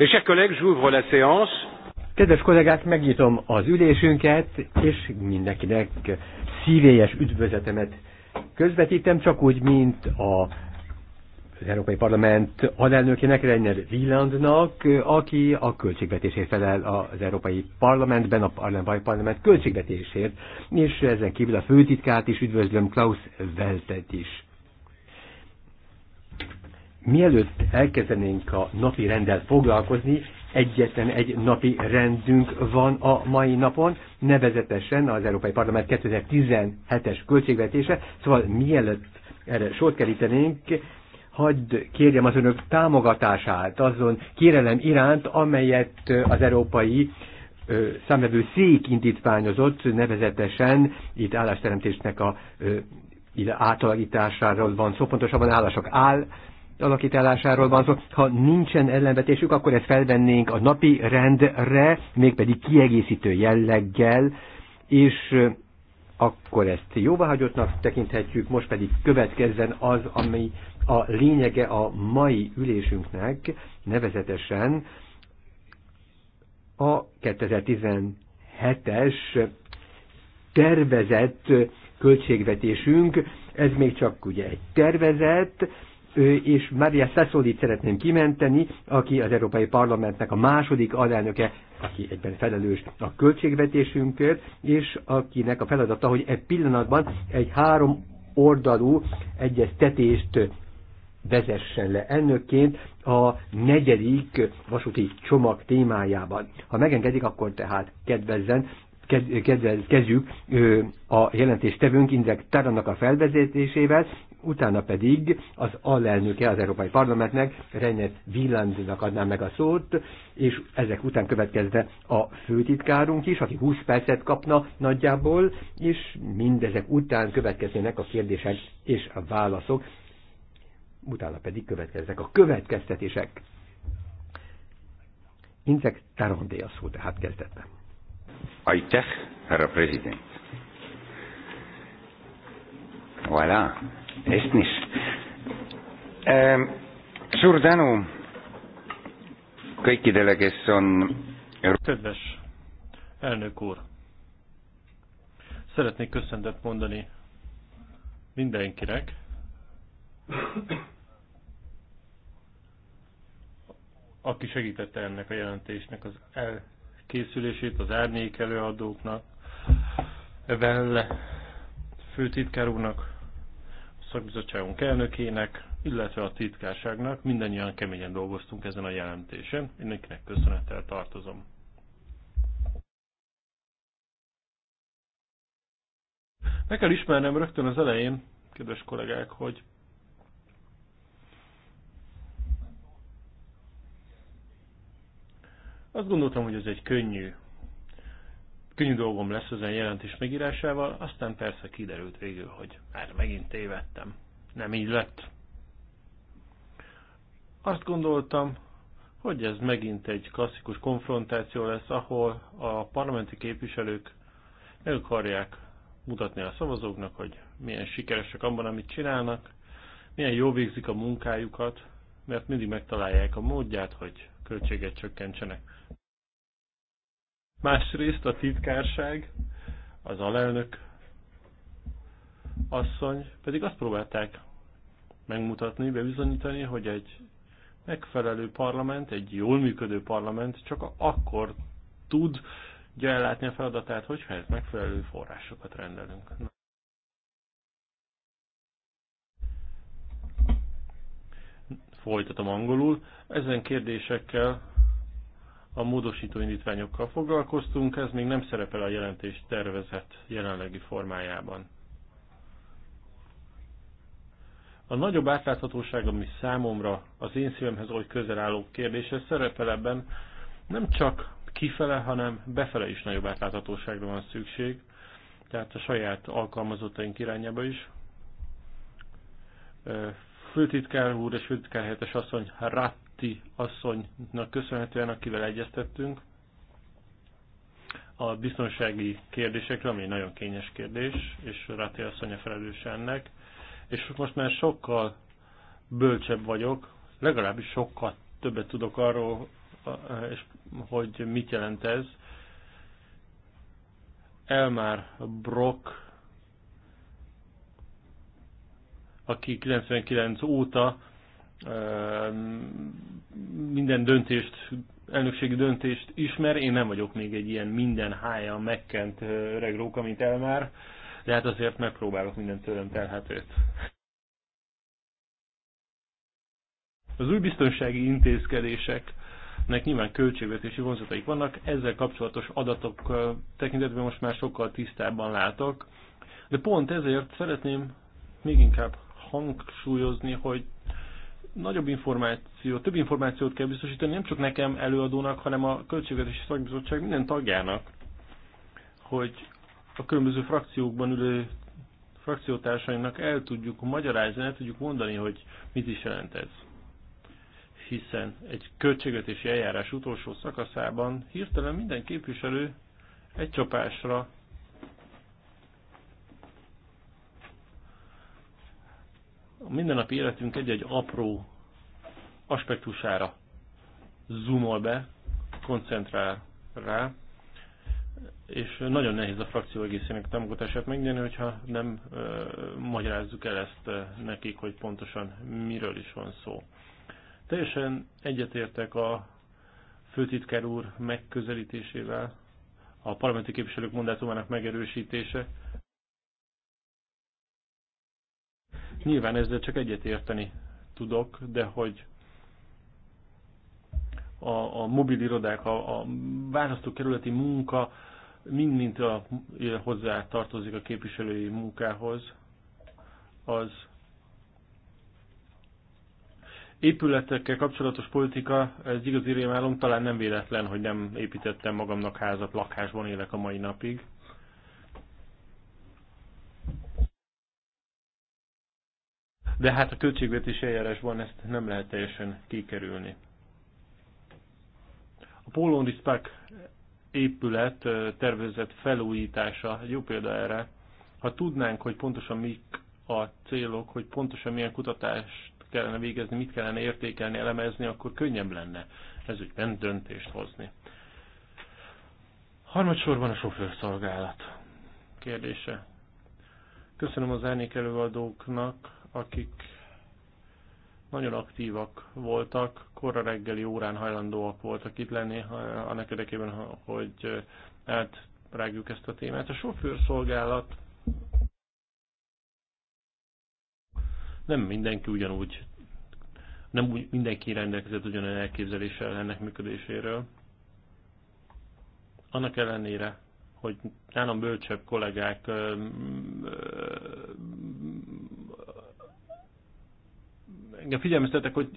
Mes chers collègues, j'ouvre la séance. Kedves kollégák, megnyitom az ülésünket, és mindenkinek szívélyes üdvözletemet közvetítem, csak úgy, mint a az Európai Parlament alelnökének, Reiner Wielandnak, aki a költségvetésért felel az Európai Parlamentben, a Európai Parlament költségvetésért, és ezen kívül a főtitkát is üdvözlöm, Klaus Weltet is. Mielőtt elkezdenénk a napi rendel foglalkozni, egyetlen egy napi rendünk van a mai napon, nevezetesen az Európai Parlament 2017-es költségvetése, szóval mielőtt erre sort kerítenénk, hagyd kérjem az önök támogatását azon kérelem iránt, amelyet az Európai számvevő szék indítványozott, nevezetesen itt állásteremtésnek a ide átalakításáról van szó, pontosabban állások áll, alakításáról van szó. Ha nincsen ellenvetésük, akkor ezt felvennénk a napi rendre, mégpedig kiegészítő jelleggel, és akkor ezt jóváhagyottnak tekinthetjük, most pedig következzen az, ami a lényege a mai ülésünknek, nevezetesen a 2017-es tervezett költségvetésünk, ez még csak ugye egy tervezet, és Maria Sassolit szeretném kimenteni, aki az Európai Parlamentnek a második alelnöke, aki egyben felelős a költségvetésünkért, és akinek a feladata, hogy egy pillanatban egy három oldalú egyeztetést vezessen le ennökként a negyedik vasúti csomag témájában. Ha megengedik, akkor tehát kedvezzen, kezdjük a jelentéstevőnk Indrek Tarannak a felvezetésével, utána pedig az alelnöke az Európai Parlamentnek, Renet Villandnak adnám meg a szót, és ezek után következne a főtitkárunk is, aki 20 percet kapna nagyjából, és mindezek után következnének a kérdések és a válaszok, utána pedig következnek a következtetések. Incek Tarondé a szó, tehát kezdetben. Aitäh, herra president. Voilà. Ezt is. Suur tänu kõikidele, kes on... Kedves elnök úr, szeretnék köszöntet mondani mindenkinek, aki segítette ennek a jelentésnek az elkészülését, az árnyék előadóknak, Velle főtitkár úrnak, szakbizottságunk elnökének, illetve a titkárságnak. mindannyian keményen dolgoztunk ezen a jelentésen. Mindenkinek köszönettel tartozom. Meg kell ismernem rögtön az elején, kedves kollégák, hogy azt gondoltam, hogy ez egy könnyű könnyű dolgom lesz ezen jelentés megírásával, aztán persze kiderült végül, hogy már megint tévedtem. Nem így lett. Azt gondoltam, hogy ez megint egy klasszikus konfrontáció lesz, ahol a parlamenti képviselők meg akarják mutatni a szavazóknak, hogy milyen sikeresek abban, amit csinálnak, milyen jó végzik a munkájukat, mert mindig megtalálják a módját, hogy költséget csökkentsenek. Másrészt a titkárság, az alelnök asszony pedig azt próbálták megmutatni, bebizonyítani, hogy egy megfelelő parlament, egy jól működő parlament csak akkor tud ellátni a feladatát, hogyha ez megfelelő forrásokat rendelünk. Folytatom angolul. Ezen kérdésekkel a módosító indítványokkal foglalkoztunk, ez még nem szerepel a jelentés tervezett jelenlegi formájában. A nagyobb átláthatóság, ami számomra az én szívemhez oly közel álló kérdése szerepel ebben, nem csak kifele, hanem befele is nagyobb átláthatóságra van szükség, tehát a saját alkalmazottaink irányába is. Főtitkár úr és főtitkár helyettes asszony Ratt Dati asszonynak köszönhetően, akivel egyeztettünk, a biztonsági kérdésekre, ami egy nagyon kényes kérdés, és Ráti asszony a felelős ennek, és most már sokkal bölcsebb vagyok, legalábbis sokkal többet tudok arról, és hogy mit jelent ez. Elmár Brock, aki 99 óta minden döntést, elnökségi döntést ismer. Én nem vagyok még egy ilyen minden hája megkent öreg róka, mint Elmár, de hát azért megpróbálok minden tőlem telhetőt. Az új biztonsági intézkedéseknek nyilván költségvetési vonzataik vannak, ezzel kapcsolatos adatok tekintetben most már sokkal tisztábban látok, de pont ezért szeretném még inkább hangsúlyozni, hogy nagyobb információ, több információt kell biztosítani nem csak nekem előadónak, hanem a Költségvetési Szakbizottság minden tagjának, hogy a különböző frakciókban ülő frakciótársainknak el tudjuk magyarázni, el tudjuk mondani, hogy mit is jelent ez. Hiszen egy költségvetési eljárás utolsó szakaszában hirtelen minden képviselő egy csapásra a mindennapi életünk egy-egy apró aspektusára zoomol be, koncentrál rá, és nagyon nehéz a frakció egészének támogatását megnyerni, hogyha nem ö, magyarázzuk el ezt ö, nekik, hogy pontosan miről is van szó. Teljesen egyetértek a főtitkár úr megközelítésével, a parlamenti képviselők mandátumának megerősítése Nyilván ezzel csak egyet érteni tudok, de hogy a, a mobil irodák, a, a választókerületi munka mind-mind a, hozzá tartozik a képviselői munkához, az épületekkel kapcsolatos politika, ez igazi rémálom, talán nem véletlen, hogy nem építettem magamnak házat, lakásban élek a mai napig. de hát a költségvetési eljárásban ezt nem lehet teljesen kikerülni. A Pólon épület tervezett felújítása jó példa erre. Ha tudnánk, hogy pontosan mik a célok, hogy pontosan milyen kutatást kellene végezni, mit kellene értékelni, elemezni, akkor könnyebb lenne ez ügyben döntést hozni. Harmadsorban a sofőrszolgálat kérdése. Köszönöm az árnyék előadóknak akik nagyon aktívak voltak, korra reggeli órán hajlandóak voltak itt lenni, eh, annak érdekében, hogy átrágjuk ezt a témát. A sofőrszolgálat nem mindenki ugyanúgy, nem úgy mindenki rendelkezett ugyanolyan elképzeléssel ennek működéséről. Annak ellenére, hogy nálam bölcsebb kollégák eh, eh, engem figyelmeztetek, hogy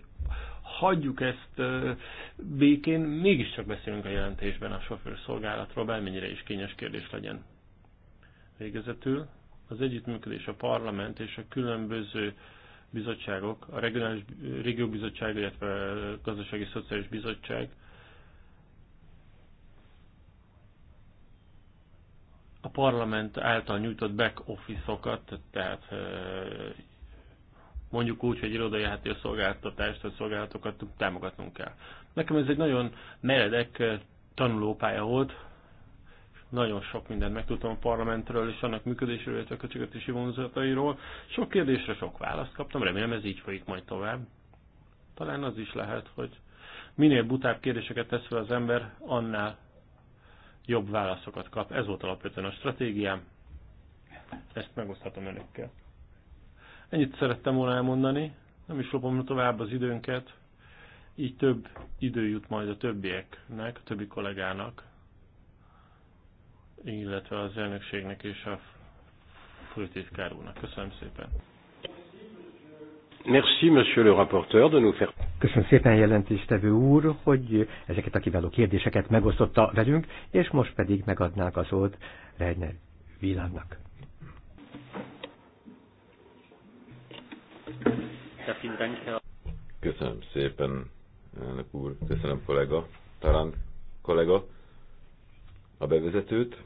hagyjuk ezt békén, mégiscsak beszélünk a jelentésben a sofőrszolgálatról, bármennyire is kényes kérdés legyen. Végezetül az együttműködés a parlament és a különböző bizottságok, a regionális régióbizottság, illetve a gazdasági szociális bizottság a parlament által nyújtott back office-okat, tehát mondjuk úgy, hogy irodai háttér szolgáltatást vagy szolgálatokat támogatnunk kell. Nekem ez egy nagyon meredek eh, tanulópálya volt, nagyon sok mindent megtudtam a parlamentről és annak működésről, illetve a költségvetési vonzatairól. Sok kérdésre sok választ kaptam, remélem ez így folyik majd tovább. Talán az is lehet, hogy minél butább kérdéseket tesz fel az ember, annál jobb válaszokat kap. Ez volt alapvetően a stratégiám. Ezt megoszthatom önökkel. Ennyit szerettem volna elmondani, nem is lopom tovább az időnket, így több idő jut majd a többieknek, a többi kollégának, illetve az elnökségnek és a főtitkár úrnak. Köszönöm szépen! Merci, monsieur le rapporteur, de nous faire... Köszönöm szépen jelentéstevő úr, hogy ezeket a kiváló kérdéseket megosztotta velünk, és most pedig megadnák az szót Reiner Vilánnak. Köszönöm szépen, elnök úr, köszönöm kollega, talán kollega a bevezetőt.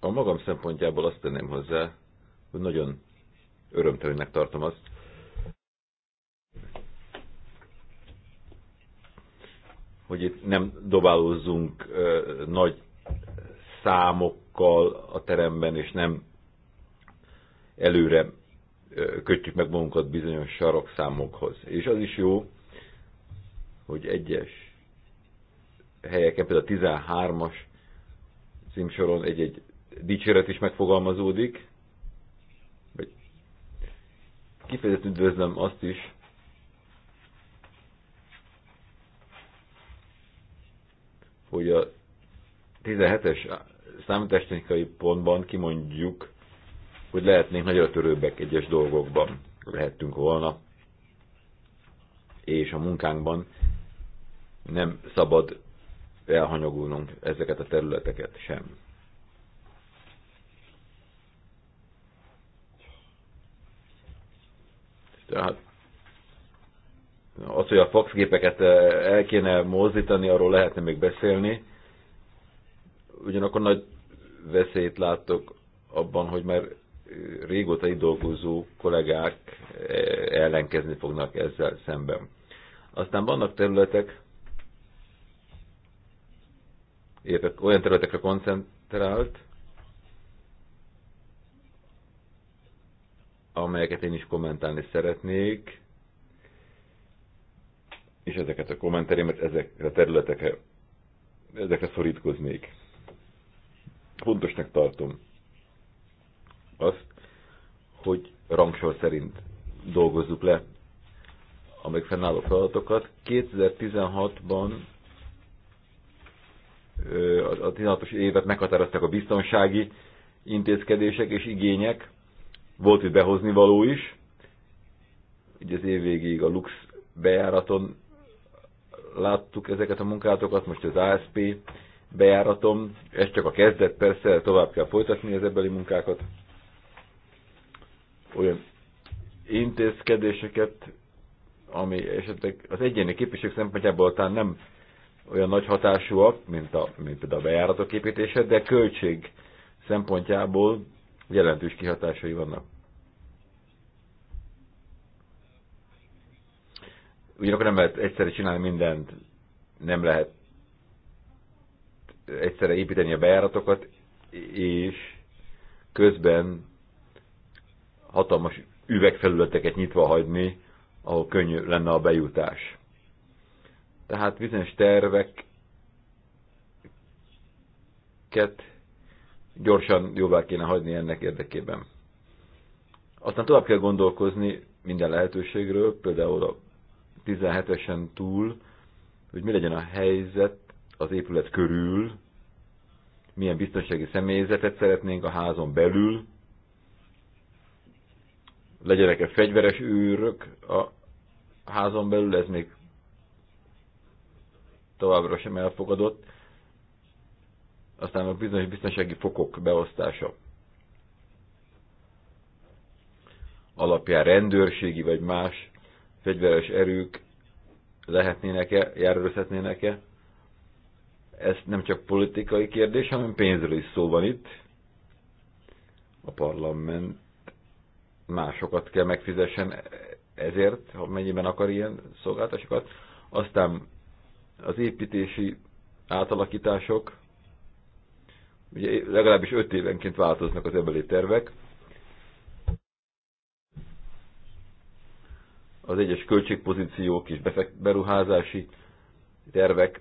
A magam szempontjából azt tenném hozzá, hogy nagyon örömtelőnek tartom azt, hogy itt nem dobálózzunk ö, nagy számokkal a teremben, és nem előre kötjük meg magunkat bizonyos sarokszámokhoz. És az is jó, hogy egyes helyeken, például a 13-as címsoron egy-egy dicséret is megfogalmazódik, vagy kifejezetten üdvözlöm azt is, hogy a 17-es számítástechnikai pontban kimondjuk, hogy lehetnénk nagyra törőbbek egyes dolgokban, lehettünk volna, és a munkánkban nem szabad elhanyagulnunk ezeket a területeket sem. Tehát az, hogy a faxgépeket eh, el kéne mozdítani, arról lehetne még beszélni. Ugyanakkor nagy veszélyt látok abban, hogy már régóta itt dolgozó kollégák eh, ellenkezni fognak ezzel szemben. Aztán vannak területek, illetve olyan területekre koncentrált, amelyeket én is kommentálni szeretnék, és ezeket a kommenterémet ezekre a területekre, ezekre szorítkoznék. Fontosnak tartom azt, hogy rangsor szerint dolgozzuk le a még fennálló feladatokat. 2016-ban a 16-os évet meghatároztak a biztonsági intézkedések és igények. Volt itt behozni való is. Ugye az év végéig a Lux bejáraton láttuk ezeket a munkátokat, most az ASP bejáratom. Ez csak a kezdet, persze tovább kell folytatni az ebbeli munkákat olyan intézkedéseket, ami esetleg az egyéni képviselők szempontjából talán nem olyan nagy hatásúak, mint, a, mint például a bejáratok építése, de költség szempontjából jelentős kihatásai vannak. Ugyanakkor nem lehet egyszerre csinálni mindent, nem lehet egyszerre építeni a bejáratokat, és közben hatalmas üvegfelületeket nyitva hagyni, ahol könnyű lenne a bejutás. Tehát bizonyos terveket gyorsan jóvá kéne hagyni ennek érdekében. Aztán tovább kell gondolkozni minden lehetőségről, például a 17-esen túl, hogy mi legyen a helyzet az épület körül, milyen biztonsági személyzetet szeretnénk a házon belül, legyenek-e fegyveres űrök a házon belül, ez még továbbra sem elfogadott. Aztán a bizonyos biztonsági fokok beosztása alapján rendőrségi vagy más fegyveres erők lehetnének-e, járőrözhetnének-e. Ez nem csak politikai kérdés, hanem pénzről is szó van itt. A parlament másokat kell megfizessen ezért, ha mennyiben akar ilyen szolgáltatásokat. Aztán az építési átalakítások, ugye legalábbis öt évenként változnak az ebeli tervek, az egyes költségpozíciók és beruházási tervek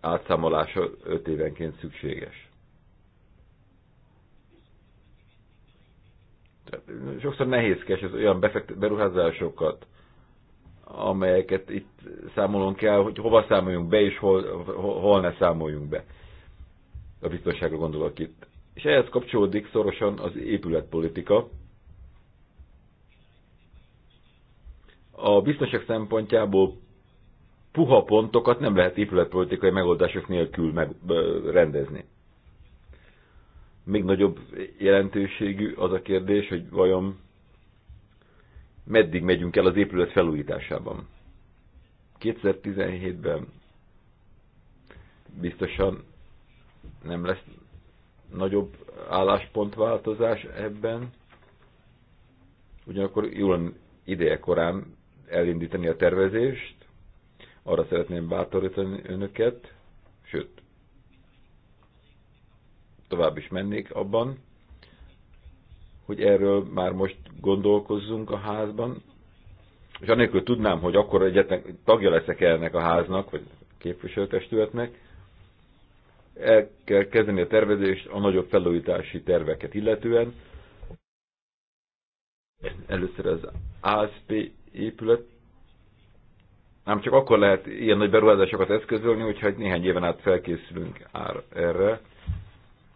átszámolása öt évenként szükséges. sokszor nehézkes az olyan befekt, beruházásokat, amelyeket itt számolunk kell, hogy hova számoljunk be, és hol, hol ne számoljunk be. A biztonságra gondolok itt. És ehhez kapcsolódik szorosan az épületpolitika. A biztonság szempontjából puha pontokat nem lehet épületpolitikai megoldások nélkül megrendezni még nagyobb jelentőségű az a kérdés, hogy vajon meddig megyünk el az épület felújításában. 2017-ben biztosan nem lesz nagyobb álláspontváltozás ebben, ugyanakkor jól ideje korán elindítani a tervezést, arra szeretném bátorítani önöket, sőt, tovább is mennék abban, hogy erről már most gondolkozzunk a házban, és anélkül tudnám, hogy akkor egyetlen tagja leszek -e ennek a háznak, vagy képviselőtestületnek, el kell kezdeni a tervezést a nagyobb felújítási terveket illetően. Először az ASP épület, nem csak akkor lehet ilyen nagy beruházásokat eszközölni, hogyha néhány éven át felkészülünk erre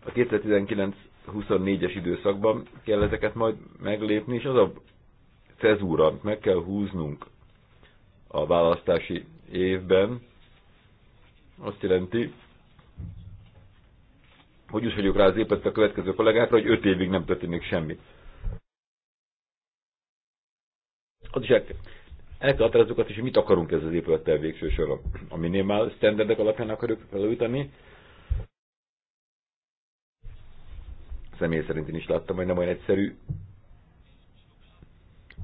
a 2019-24-es időszakban kell ezeket majd meglépni, és az a cezúra, amit meg kell húznunk a választási évben, azt jelenti, hogy úgy vagyok rá az a következő kollégákra, hogy öt évig nem történik semmi. Az is el, kell azt is, hogy mit akarunk ezzel az épülettel végső soron. A minimál standardek alapján akarjuk felújítani, személy szerint én is láttam, hogy nem olyan egyszerű.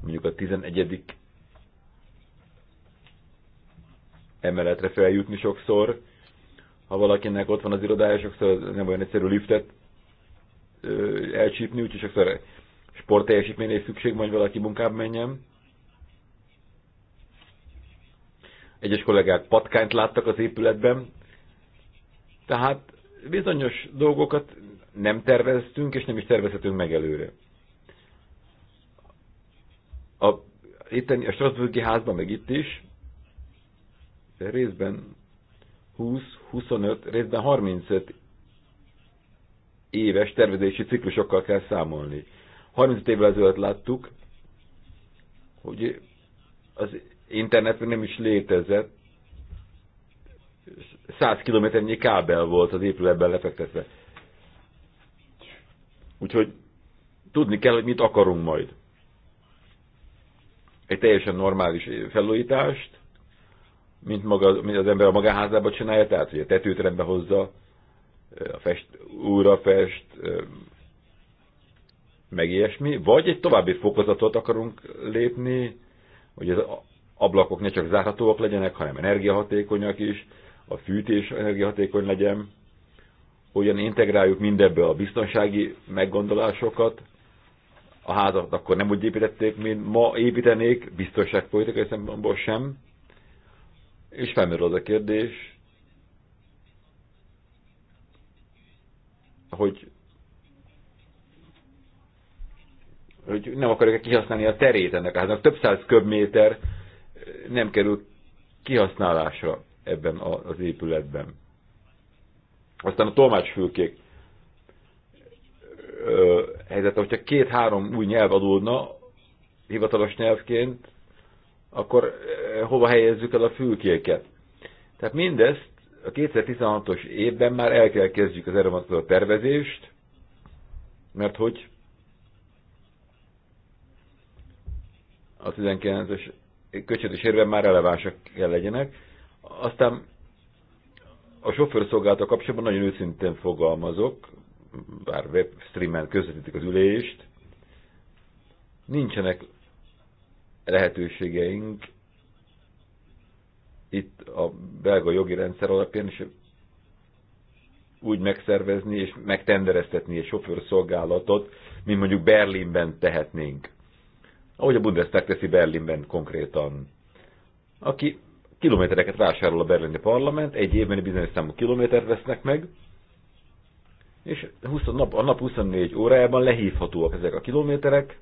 Mondjuk a 11. emeletre feljutni sokszor. Ha valakinek ott van az irodája, sokszor nem olyan egyszerű liftet elcsípni, úgyhogy sokszor sport teljesítményre is szükség, majd valaki munkába menjen. Egyes kollégák patkányt láttak az épületben, tehát bizonyos dolgokat nem terveztünk, és nem is tervezhetünk meg előre. A, itt a Strasburgi házban, meg itt is, részben 20-25, részben 35 éves tervezési ciklusokkal kell számolni. 35 évvel ezelőtt láttuk, hogy az internet nem is létezett, 100 kilométernyi kábel volt az épületben lefektetve. Úgyhogy tudni kell, hogy mit akarunk majd. Egy teljesen normális felújítást, mint, maga, mint az ember a magáházába csinálja, tehát hogy a tetőt rendbe hozza, a fest, újra fest, meg ilyesmi, vagy egy további fokozatot akarunk lépni, hogy az ablakok ne csak zárhatóak legyenek, hanem energiahatékonyak is, a fűtés energiahatékony legyen, hogyan integráljuk mindebbe a biztonsági meggondolásokat, a házat akkor nem úgy építették, mint ma építenék, biztonságpolitikai szempontból sem, és felmerül az a kérdés, hogy, hogy nem akarják kihasználni a terét ennek a háznak. Több száz köbméter nem kerül kihasználásra ebben az épületben. Aztán a tolmácsfülkék helyzete, hogyha két-három új nyelv adódna hivatalos nyelvként, akkor hova helyezzük el a fülkéket? Tehát mindezt a 2016-os évben már el kell kezdjük az erre tervezést, mert hogy a 19-es és érve már relevánsak kell legyenek, aztán a sofőrszolgálata kapcsolatban nagyon őszintén fogalmazok, bár webstreamen közvetítik az ülést, nincsenek lehetőségeink itt a belga jogi rendszer alapján is úgy megszervezni és megtendereztetni egy sofőrszolgálatot, mint mondjuk Berlinben tehetnénk. Ahogy a Bundestag teszi Berlinben konkrétan. Aki kilométereket vásárol a berlini parlament, egy évben bizonyos számú kilométert vesznek meg, és 20 nap, a nap 24 órájában lehívhatóak ezek a kilométerek,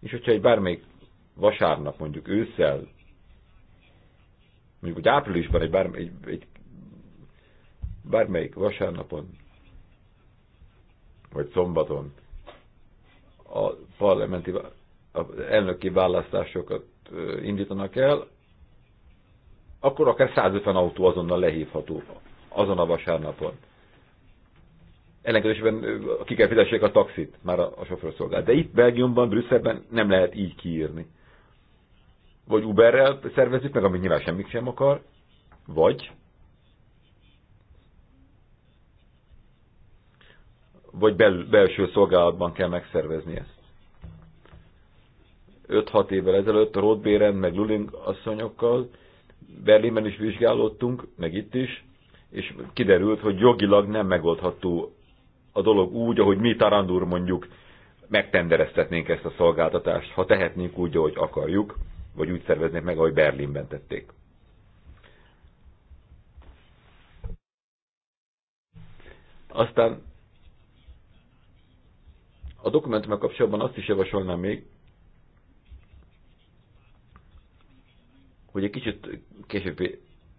és hogyha egy bármelyik vasárnap, mondjuk ősszel, mondjuk hogy áprilisban egy, bármely, egy, egy bármelyik vasárnapon, vagy szombaton a parlamenti a elnöki választásokat indítanak el, akkor akár 150 autó azonnal lehívható azon a vasárnapon. Ellenkezésben ki kell fizessék a taxit, már a, a szolgál. De itt Belgiumban, Brüsszelben nem lehet így kiírni. Vagy Uberrel szervezzük meg, amit nyilván semmit sem akar, vagy vagy bel, belső szolgálatban kell megszervezni ezt. 5-6 évvel ezelőtt a Rothbéren meg Luling asszonyokkal Berlinben is vizsgálódtunk, meg itt is, és kiderült, hogy jogilag nem megoldható a dolog úgy, ahogy mi Tarandúr mondjuk megtendereztetnénk ezt a szolgáltatást, ha tehetnénk úgy, ahogy akarjuk, vagy úgy szerveznék meg, ahogy Berlinben tették. Aztán a dokumentumok kapcsolatban azt is javasolnám még, hogy egy kicsit később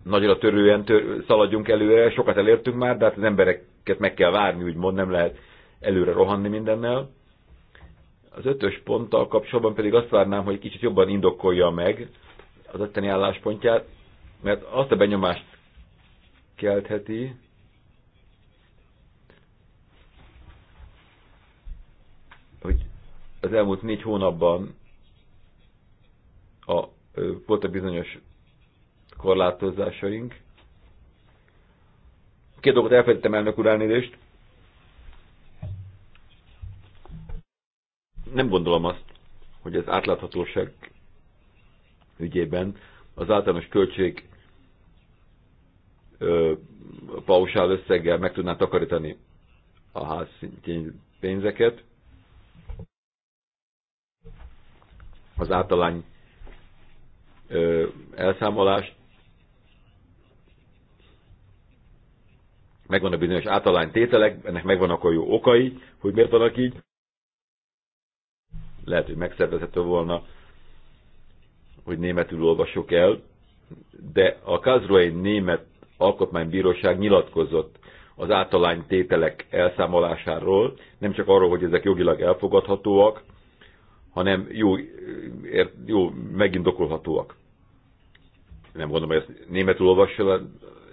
nagyra törően tör, szaladjunk előre, sokat elértünk már, de hát az embereket meg kell várni, úgymond nem lehet előre rohanni mindennel. Az ötös ponttal kapcsolatban pedig azt várnám, hogy egy kicsit jobban indokolja meg az ötteni álláspontját, mert azt a benyomást keltheti, hogy az elmúlt négy hónapban a volt a bizonyos korlátozásaink. Két dolgot elfelejtettem elnök úr elnézést. Nem gondolom azt, hogy az átláthatóság ügyében az általános költség ö, pausál összeggel meg tudná takarítani a ház szintjén pénzeket. Az általány elszámolást, megvan a bizonyos általány tételek, ennek megvannak a jó okai, hogy miért vannak így. Lehet, hogy megszervezhető volna, hogy németül olvasok el, de a Kazruai Német Alkotmánybíróság nyilatkozott az általány tételek elszámolásáról, nem csak arról, hogy ezek jogilag elfogadhatóak, hanem jó, jó megindokolhatóak. Nem gondolom, hogy ezt németül olvassa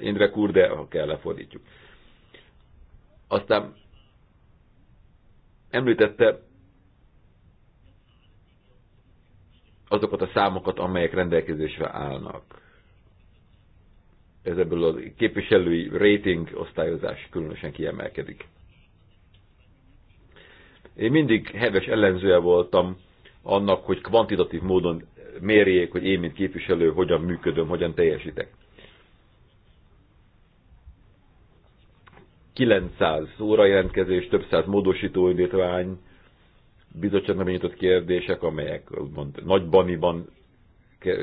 Indrek úr, de ha kell, lefordítjuk. Aztán említette azokat a számokat, amelyek rendelkezésre állnak. Ez ebből a képviselői rating osztályozás különösen kiemelkedik. Én mindig heves ellenzője voltam annak, hogy kvantitatív módon mérjék, hogy én, mint képviselő, hogyan működöm, hogyan teljesítek. 900 óra jelentkezés, több száz módosító indítvány, bizottságnak nyitott kérdések, amelyek úgymond nagy baniban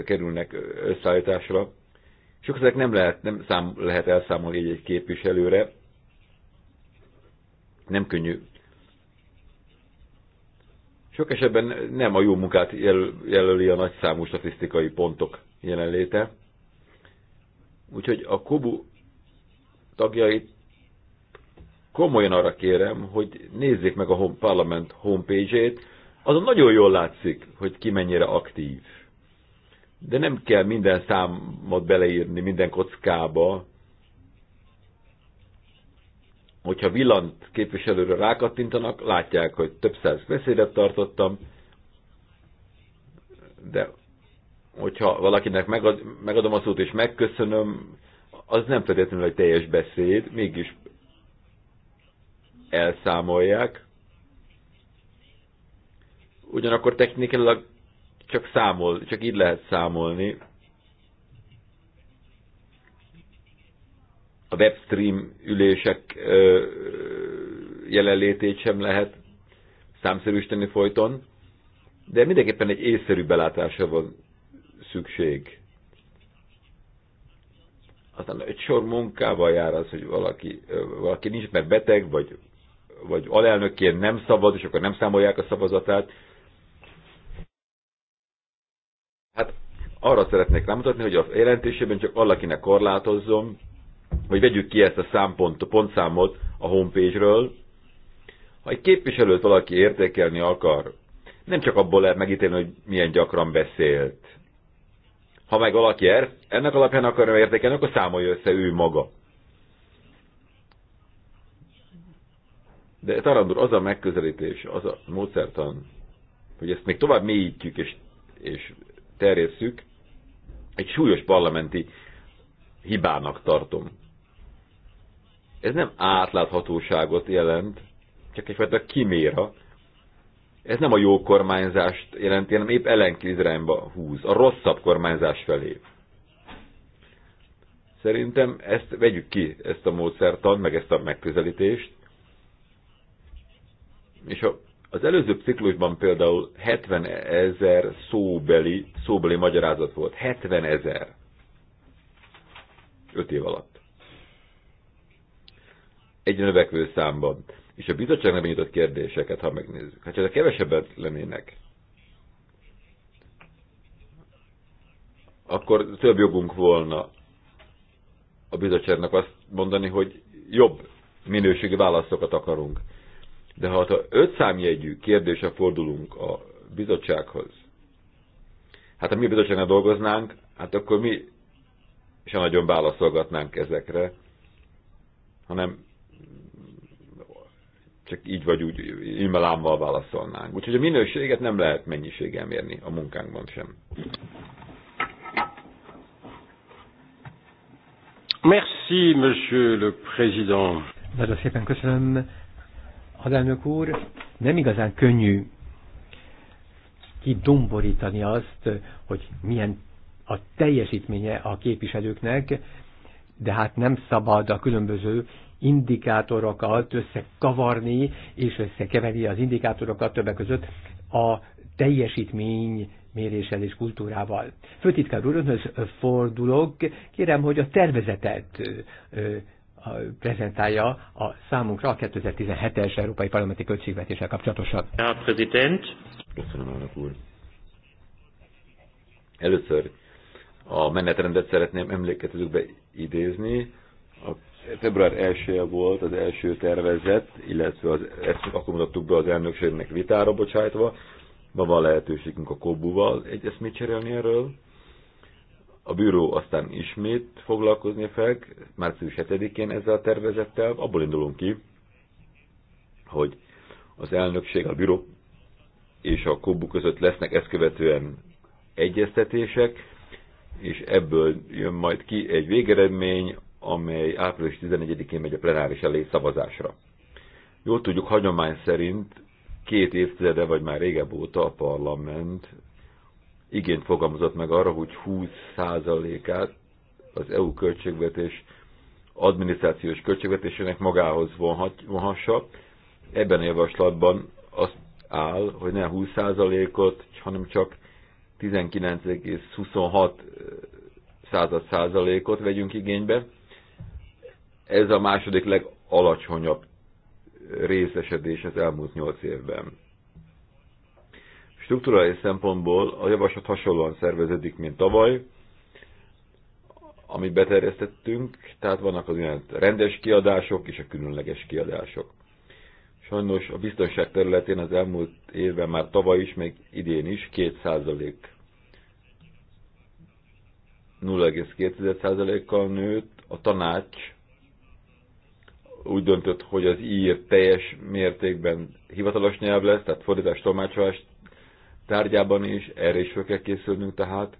kerülnek összeállításra. Sok ezek nem lehet, nem szám, lehet elszámolni egy-egy képviselőre. Nem könnyű sok esetben nem a jó munkát jelöli a nagyszámú statisztikai pontok jelenléte. Úgyhogy a Kobu tagjait komolyan arra kérem, hogy nézzék meg a parlament homepage-ét, azon nagyon jól látszik, hogy ki mennyire aktív. De nem kell minden számot beleírni minden kockába, hogyha villant képviselőre rákattintanak, látják, hogy több száz beszédet tartottam, de hogyha valakinek megad, megadom a szót és megköszönöm, az nem feltétlenül egy teljes beszéd, mégis elszámolják. Ugyanakkor technikailag csak számol, csak így lehet számolni, a webstream ülések jelenlétét sem lehet számszerűsíteni folyton, de mindenképpen egy észszerű belátásra van szükség. Aztán egy sor munkával jár az, hogy valaki, valaki nincs, mert beteg, vagy, vagy alelnökként nem szabad, és akkor nem számolják a szavazatát. Hát arra szeretnék rámutatni, hogy a jelentésében csak valakinek korlátozzom, hogy vegyük ki ezt a számpont, a pontszámot a homepage-ről. Ha egy képviselőt valaki értékelni akar, nem csak abból lehet megítélni, hogy milyen gyakran beszélt. Ha meg valaki er, ennek alapján akarja értékelni, akkor számolja össze ő maga. De Tarandur, az a megközelítés, az a módszertan, hogy ezt még tovább mélyítjük és, és terjesszük, egy súlyos parlamenti hibának tartom. Ez nem átláthatóságot jelent, csak egyfajta kiméra. Ez nem a jó kormányzást jelenti, hanem épp ellenkéz húz, a rosszabb kormányzás felé. Szerintem ezt vegyük ki, ezt a módszertan, meg ezt a megközelítést. És a, az előző ciklusban például 70 ezer szóbeli, szóbeli magyarázat volt. 70 ezer. 5 év alatt egy növekvő számban. És a bizottságnak nyitott kérdéseket, ha megnézzük, hát ezek kevesebbet lennének, akkor több jogunk volna a bizottságnak azt mondani, hogy jobb minőségi válaszokat akarunk. De ha a öt számjegyű kérdésre fordulunk a bizottsághoz, hát ha mi bizottságnál dolgoznánk, hát akkor mi sem nagyon válaszolgatnánk ezekre, hanem csak így vagy úgy imelámmal válaszolnánk. Úgyhogy a minőséget nem lehet mennyiséggel mérni a munkánkban sem. Merci, monsieur le président. Nagyon szépen köszönöm, elnök úr. Nem igazán könnyű kidomborítani azt, hogy milyen a teljesítménye a képviselőknek, de hát nem szabad a különböző indikátorokat összekavarni, és összekeverni az indikátorokat többek között a teljesítmény méréssel és kultúrával. Főtitkár úr, önhöz fordulok, kérem, hogy a tervezetet prezentálja a számunkra a 2017-es Európai Parlamenti Költségvetéssel kapcsolatosan. Herr Präsident! Köszönöm, elnök úr! Először a menetrendet szeretném emlékezetükbe idézni. A február 1 -e volt az első tervezet, illetve az, ezt akkor mutattuk be az elnökségnek vitára bocsájtva. Ma van lehetőségünk a Kobuval egy eszmét cserélni erről. A bűró aztán ismét foglalkozni fog, március 7-én ezzel a tervezettel. Abból indulunk ki, hogy az elnökség, a bűró és a Kobu között lesznek ezt követően egyeztetések, és ebből jön majd ki egy végeredmény, amely április 11-én megy a plenáris elé szavazásra. Jól tudjuk, hagyomány szerint két évtizede, vagy már régebb óta a parlament igényt fogalmazott meg arra, hogy 20%-át az EU költségvetés adminisztrációs költségvetésének magához vonhassa. Ebben a javaslatban azt áll, hogy ne 20%-ot, hanem csak 19,26 század százalékot vegyünk igénybe. Ez a második legalacsonyabb részesedés az elmúlt 8 évben. Strukturális szempontból a javaslat hasonlóan szerveződik, mint tavaly, amit beterjesztettünk, tehát vannak az ilyen rendes kiadások és a különleges kiadások. Sajnos a biztonság területén az elmúlt évben már tavaly is, meg idén is 2% 0,2%-kal nőtt, a tanács úgy döntött, hogy az ír teljes mértékben hivatalos nyelv lesz, tehát fordítás tolmácsolás tárgyában is, erre is fel kell készülnünk tehát.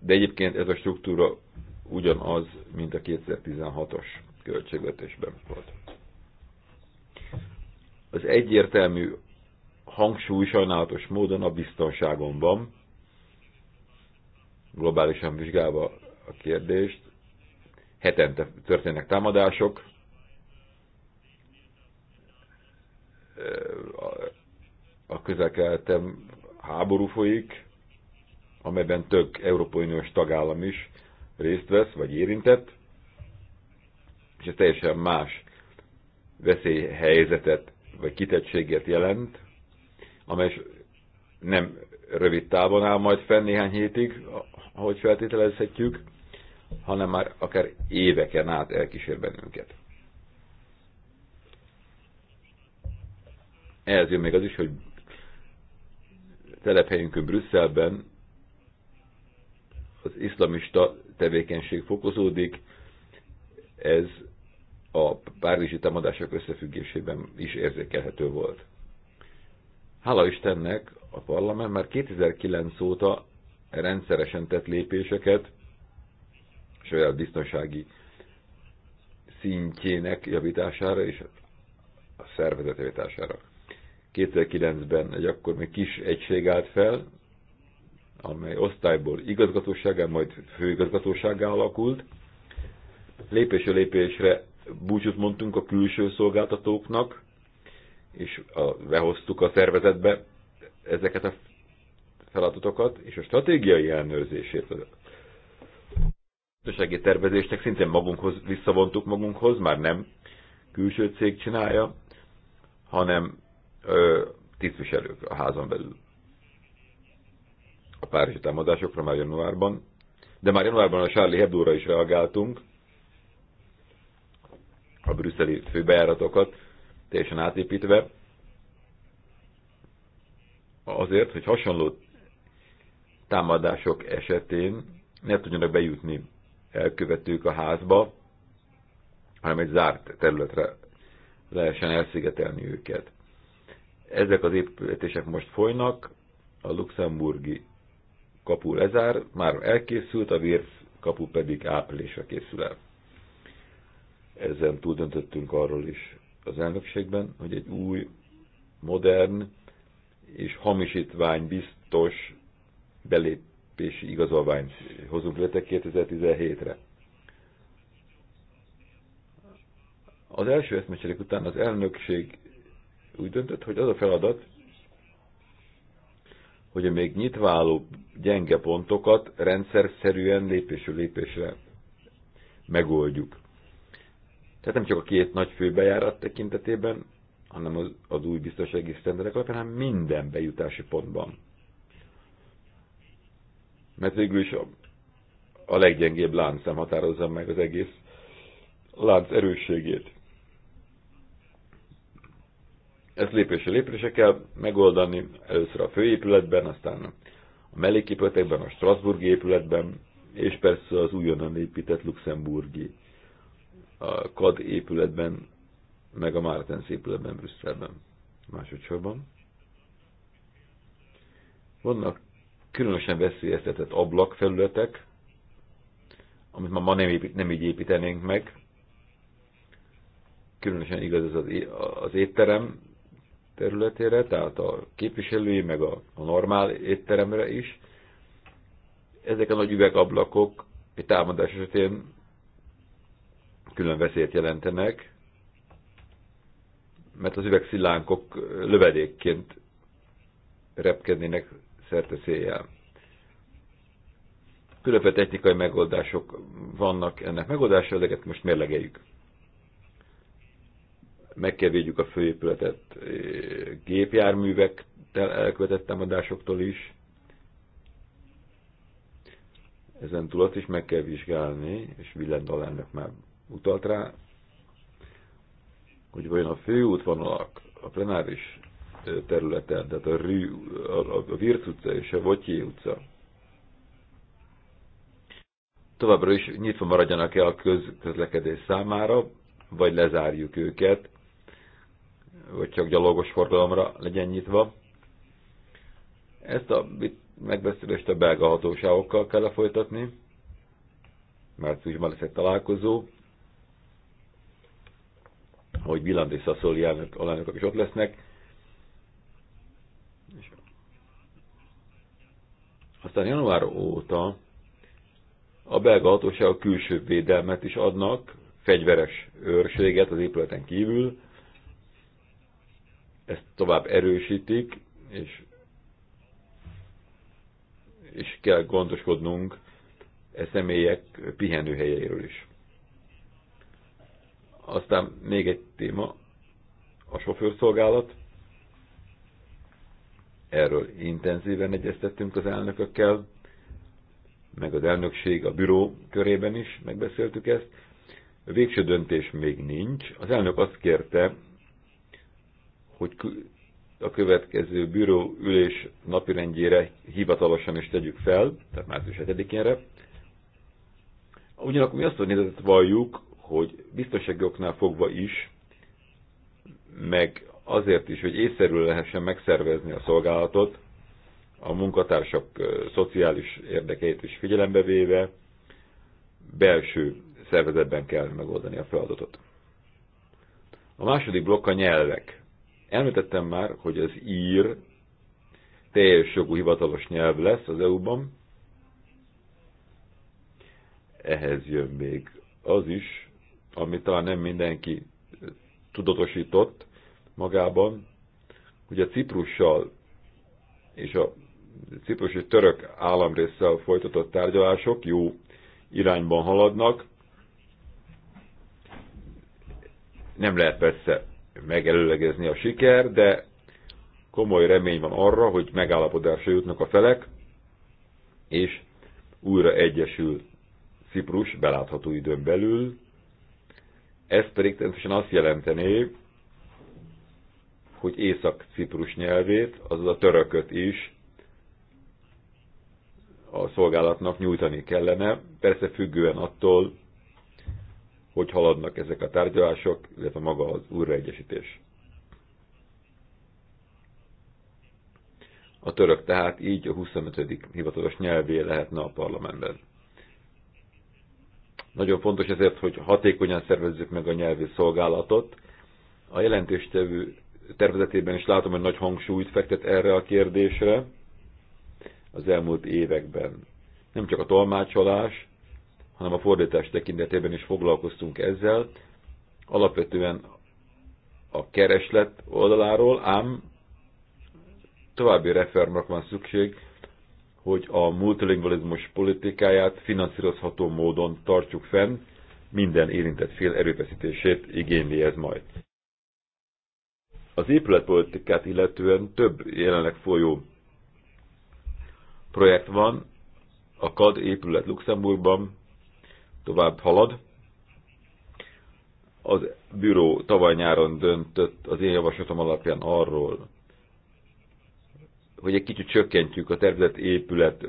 De egyébként ez a struktúra ugyanaz, mint a 2016-os költségvetésben volt. Az egyértelmű hangsúly sajnálatos módon a biztonságon van, globálisan vizsgálva a kérdést. Hetente történnek támadások, a közel háború folyik, amelyben több Európai Uniós tagállam is részt vesz, vagy érintett, és ez teljesen más veszélyhelyzetet, vagy kitettséget jelent, amely nem rövid távon áll majd fenn néhány hétig, ahogy feltételezhetjük, hanem már akár éveken át elkísér bennünket. Ehhez jön még az is, hogy telephelyünkön Brüsszelben az iszlamista tevékenység fokozódik, ez a párizsi támadások összefüggésében is érzékelhető volt. Hála Istennek a parlament már 2009 óta rendszeresen tett lépéseket, saját biztonsági szintjének javítására és a szervezet javítására. 2009-ben egy akkor még kis egység állt fel, amely osztályból igazgatóságá, majd főigazgatóságá alakult. Lépésről lépésre búcsút mondtunk a külső szolgáltatóknak, és a, behoztuk a szervezetbe ezeket a feladatokat és a stratégiai ellenőrzését. A tervezésnek szintén magunkhoz visszavontuk magunkhoz, már nem külső cég csinálja, hanem ö, tisztviselők a házon belül. A párizsi támadásokra már januárban, de már januárban a Charlie Hebdo-ra is reagáltunk, a brüsszeli főbejáratokat teljesen átépítve, azért, hogy hasonló támadások esetén ne tudjanak bejutni elkövetők a házba, hanem egy zárt területre lehessen elszigetelni őket. Ezek az épületések most folynak, a luxemburgi kapu lezár, már elkészült, a vérsz kapu pedig áprilisra készül el. Ezen túl döntöttünk arról is az elnökségben, hogy egy új, modern és hamisítvány biztos belépési igazolványt hozunk létre 2017-re. Az első eszmecserék után az elnökség úgy döntött, hogy az a feladat, hogy a még nyitváló gyenge pontokat szerűen lépésről lépésre megoldjuk. Tehát nem csak a két nagy főbejárat tekintetében, hanem az, az új biztonsági sztenderek alapján, hanem minden bejutási pontban mert végül is a, a leggyengébb láncem határozza meg az egész lánc erősségét. Ezt lépésre lépésre kell megoldani, először a főépületben, aztán a melléképületekben, a Strasburgi épületben, és persze az újonnan épített luxemburgi a KAD épületben, meg a Mártens épületben, Brüsszelben másodszorban. Vannak különösen veszélyeztetett ablakfelületek, amit ma, ma nem, épít, nem így építenénk meg. Különösen igaz ez az, az étterem területére, tehát a képviselői, meg a, a normál étteremre is. Ezek a nagy üvegablakok egy támadás esetén külön veszélyt jelentenek, mert az üvegszillánkok lövedékként repkednének szerte széjjel. Különböző technikai megoldások vannak ennek megoldása, ezeket most mérlegeljük. Megkevédjük a főépületet eh, gépjárművek elkövetett támadásoktól is. Ezen túl azt is meg kell vizsgálni, és Villend alelnök már utalt rá, hogy vajon a főútvonalak, a plenáris területen, tehát a, Rű, a, a Virc utca és a Votyi utca. Továbbra is nyitva maradjanak-e a köz, közlekedés számára, vagy lezárjuk őket, vagy csak gyalogos forgalomra legyen nyitva. Ezt a megbeszélést a belga hatóságokkal kell lefolytatni. Márciusban lesz egy találkozó, hogy Viland és Szaszoli alánokok is ott lesznek. Aztán január óta a belga a külső védelmet is adnak, fegyveres őrséget az épületen kívül, ezt tovább erősítik, és, és kell gondoskodnunk e személyek pihenőhelyeiről is. Aztán még egy téma, a sofőrszolgálat. Erről intenzíven egyeztettünk az elnökökkel, meg az elnökség a büró körében is megbeszéltük ezt. A végső döntés még nincs. Az elnök azt kérte, hogy a következő büró ülés napirendjére hivatalosan is tegyük fel, tehát március 7-énre. Ugyanakkor mi azt a nézetet valljuk, hogy biztonsági oknál fogva is, meg azért is, hogy észszerű lehessen megszervezni a szolgálatot, a munkatársak szociális érdekeit is figyelembe véve, belső szervezetben kell megoldani a feladatot. A második blokk a nyelvek. Elmítettem már, hogy az ír teljes jogú hivatalos nyelv lesz az EU-ban. Ehhez jön még az is, amit talán nem mindenki tudatosított, magában, hogy a Ciprussal és a Ciprus és török államrészsel folytatott tárgyalások jó irányban haladnak. Nem lehet persze megelőlegezni a siker, de komoly remény van arra, hogy megállapodásra jutnak a felek, és újra egyesül Ciprus belátható időn belül. Ez pedig természetesen azt jelentené, hogy Észak-Ciprus nyelvét, azaz a törököt is a szolgálatnak nyújtani kellene, persze függően attól, hogy haladnak ezek a tárgyalások, illetve maga az újraegyesítés. A török tehát így a 25. hivatalos nyelvé lehetne a parlamentben. Nagyon fontos ezért, hogy hatékonyan szervezzük meg a nyelvi szolgálatot. A jelentéstevő tervezetében is látom, hogy nagy hangsúlyt fektet erre a kérdésre az elmúlt években. Nem csak a tolmácsolás, hanem a fordítás tekintetében is foglalkoztunk ezzel, alapvetően a kereslet oldaláról, ám további reformra van szükség, hogy a multilingualizmus politikáját finanszírozható módon tartsuk fenn, minden érintett fél erőfeszítését igényli ez majd. Az épületpolitikát illetően több jelenleg folyó projekt van, a KAD épület Luxemburgban tovább halad. Az büró tavaly nyáron döntött az én javaslatom alapján arról, hogy egy kicsit csökkentjük a tervezett épület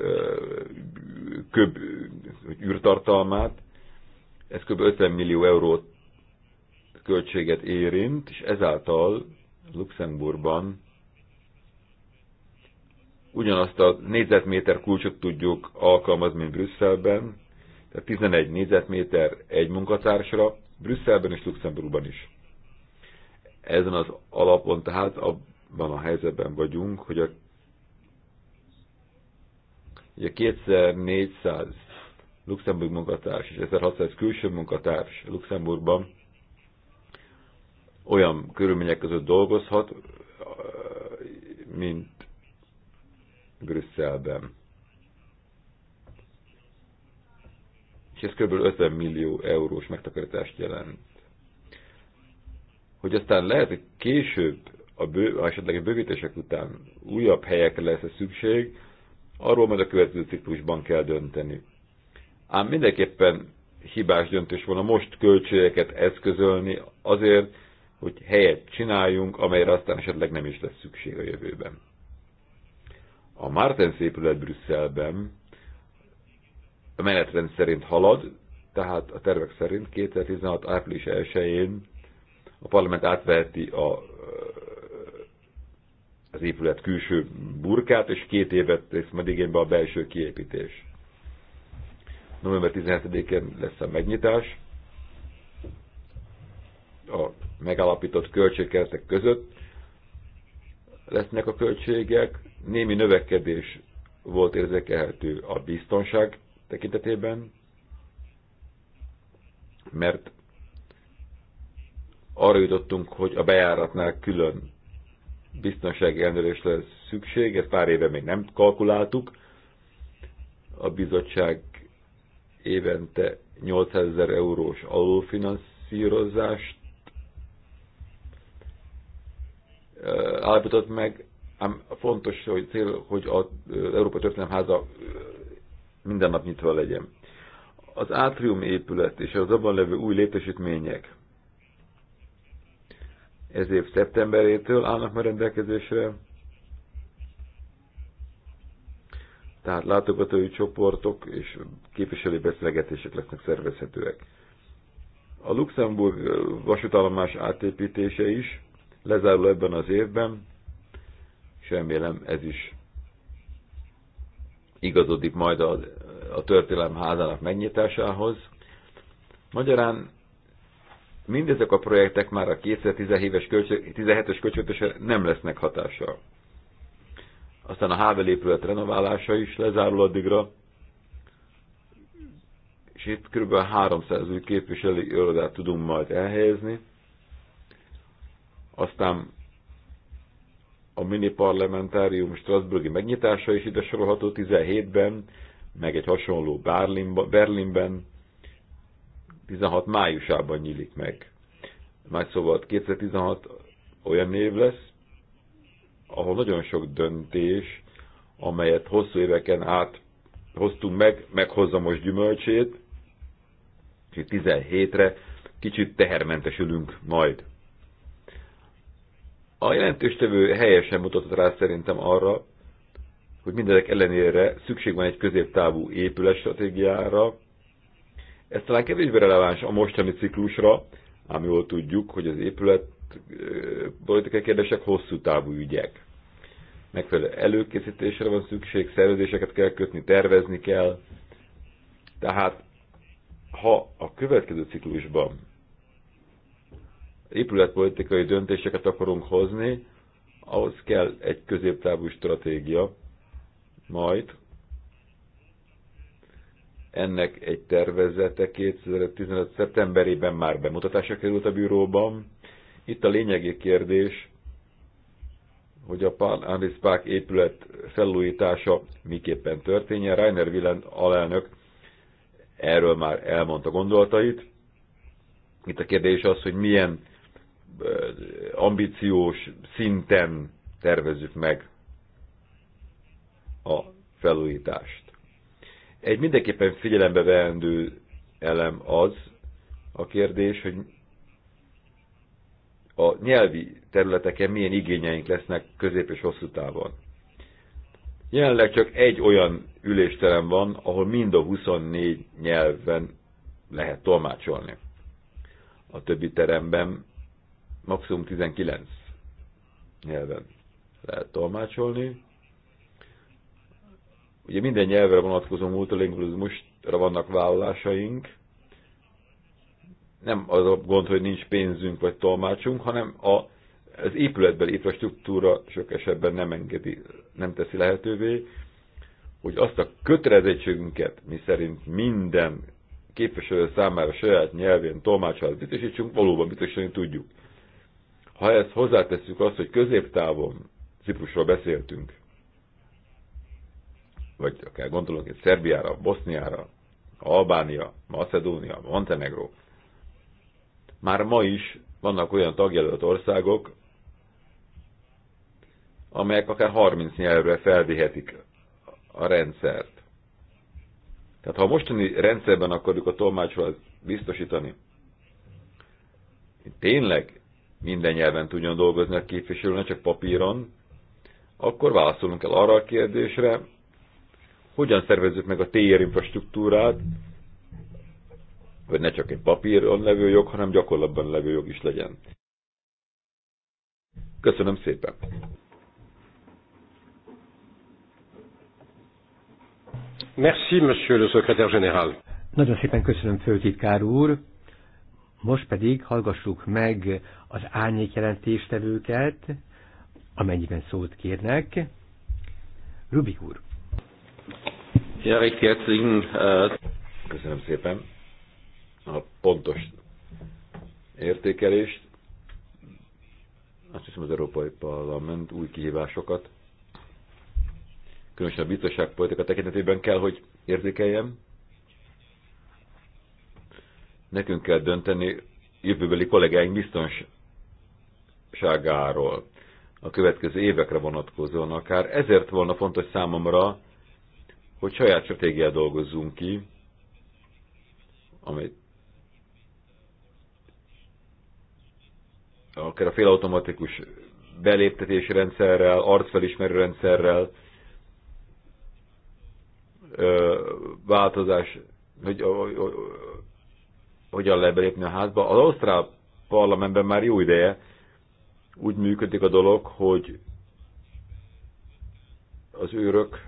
köb űrtartalmát. Ez kb. 50 millió eurót költséget érint, és ezáltal Luxemburgban ugyanazt a négyzetméter kulcsot tudjuk alkalmazni, mint Brüsszelben, tehát 11 négyzetméter egy munkatársra, Brüsszelben és Luxemburgban is. Ezen az alapon tehát abban a helyzetben vagyunk, hogy a, hogy a 2400 Luxemburg munkatárs és 1600 külső munkatárs Luxemburgban olyan körülmények között dolgozhat, mint Brüsszelben. És ez kb. 50 millió eurós megtakarítást jelent. Hogy aztán lehet, hogy később, a bő, esetleg bővítések után újabb helyekre lesz a szükség, arról majd a következő ciklusban kell dönteni. Ám mindenképpen hibás döntés volna most költségeket eszközölni azért, hogy helyet csináljunk, amelyre aztán esetleg nem is lesz szükség a jövőben. A Martens épület Brüsszelben a menetrend szerint halad, tehát a tervek szerint 2016. április 1-én a parlament átveheti a, az épület külső burkát, és két évet tesz majd igénybe a belső kiépítés. November 17-én lesz a megnyitás, a megalapított költségkeretek között lesznek a költségek. Némi növekedés volt érzékelhető a biztonság tekintetében, mert arra jutottunk, hogy a bejáratnál külön biztonsági ellenőrésre lesz szükség, ezt pár éve még nem kalkuláltuk. A bizottság évente 800 ezer eurós alulfinanszírozást állapított meg, ám fontos hogy cél, hogy az Európa Történelem Háza minden nap nyitva legyen. Az átrium épület és az abban levő új létesítmények ez év szeptemberétől állnak már rendelkezésre, tehát látogatói csoportok és képviselői beszélgetések lesznek szervezhetőek. A Luxemburg vasútállomás átépítése is lezárul ebben az évben, és remélem ez is igazodik majd a, a történelem házának megnyitásához. Magyarán mindezek a projektek már a 2017-es költségvetésre nem lesznek hatással. Aztán a Hável épület renoválása is lezárul addigra, és itt kb. 300 új képviselői irodát tudunk majd elhelyezni aztán a mini parlamentárium Strasburgi megnyitása is ide sorolható 17-ben, meg egy hasonló Berlinben, Berlinben 16 májusában nyílik meg. Más szóval 2016 olyan év lesz, ahol nagyon sok döntés, amelyet hosszú éveken át hoztunk meg, meghozza most gyümölcsét, és 17-re kicsit tehermentesülünk majd. A jelentőstevő helyesen mutatott rá szerintem arra, hogy mindezek ellenére szükség van egy középtávú épületstratégiára. Ez talán kevésbé releváns a mostani ciklusra, ám jól tudjuk, hogy az épület politikai kérdések hosszú távú ügyek. Megfelelő előkészítésre van szükség, szerződéseket kell kötni, tervezni kell. Tehát ha a következő ciklusban épületpolitikai döntéseket akarunk hozni, ahhoz kell egy középtávú stratégia, majd ennek egy tervezete 2015. szeptemberében már bemutatásra került a bíróban. Itt a lényegi kérdés, hogy a Andris Park épület felújítása miképpen történjen. Rainer Willen alelnök erről már elmondta gondolatait. Itt a kérdés az, hogy milyen Eh, ambíciós szinten tervezzük meg a felújítást. Egy mindenképpen figyelembe veendő elem az a kérdés, hogy a nyelvi területeken milyen igényeink lesznek közép és hosszú távon. Jelenleg csak egy olyan ülésterem van, ahol mind a 24 nyelven lehet tolmácsolni. A többi teremben maximum 19 nyelven lehet tolmácsolni. Ugye minden nyelvre vonatkozó multilingvizmusra vannak vállalásaink. Nem az a gond, hogy nincs pénzünk vagy tolmácsunk, hanem a, az épületbeli infrastruktúra sok esetben nem engedi, nem teszi lehetővé, hogy azt a kötelezettségünket, mi szerint minden képviselő számára saját nyelvén tolmácsolat biztosítsunk, valóban biztosítani tudjuk. Ha ezt hozzátesszük azt, hogy középtávon Ciprusról beszéltünk, vagy akár gondolunk egy Szerbiára, Boszniára, Albánia, Macedónia, Montenegro, már ma is vannak olyan tagjelölt országok, amelyek akár 30 nyelvre felvihetik a rendszert. Tehát ha a mostani rendszerben akarjuk a tolmácsolat biztosítani, tényleg minden nyelven tudjon dolgozni a képviselő, ne csak papíron, akkor válaszolunk el arra a kérdésre, hogyan szervezzük meg a TR infrastruktúrát, hogy ne csak egy papíron levő jog, hanem gyakorlatban levő jog is legyen. Köszönöm szépen! Merci, monsieur le secrétaire général. Nagyon szépen köszönöm, főtitkár úr. Most pedig hallgassuk meg az árnyék jelentéstevőket, amennyiben szót kérnek. Rubik úr. Ja, eh, Köszönöm szépen a pontos értékelést. Azt hiszem az Európai Parlament új kihívásokat, különösen a biztonságpolitika tekintetében kell, hogy értékeljem, Nekünk kell dönteni jövőbeli kollégáink biztonságáról a következő évekre vonatkozóan akár. Ezért volna fontos számomra, hogy saját stratégiát dolgozzunk ki, amit akár a félautomatikus beléptetési rendszerrel, arcfelismerő rendszerrel, változás, hogy hogyan lehet belépni a házba. Az Ausztrál parlamentben már jó ideje úgy működik a dolog, hogy az őrök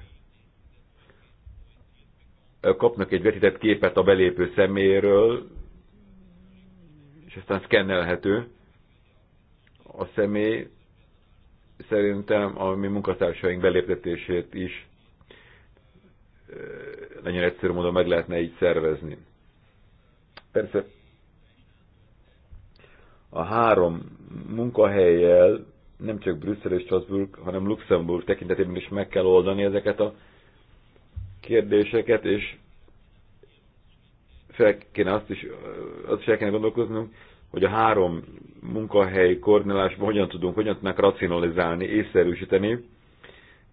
kapnak egy vetített képet a belépő szeméről, és aztán szkennelhető a személy, szerintem a mi munkatársaink beléptetését is nagyon egyszerű módon meg lehetne így szervezni. Persze a három munkahelyjel nem csak Brüsszel és Strasbourg, hanem Luxemburg tekintetében is meg kell oldani ezeket a kérdéseket, és fel kéne azt is, azt is el kéne gondolkoznunk, hogy a három munkahely koordinálásban hogyan tudunk, hogyan tudnak racionalizálni, észszerűsíteni,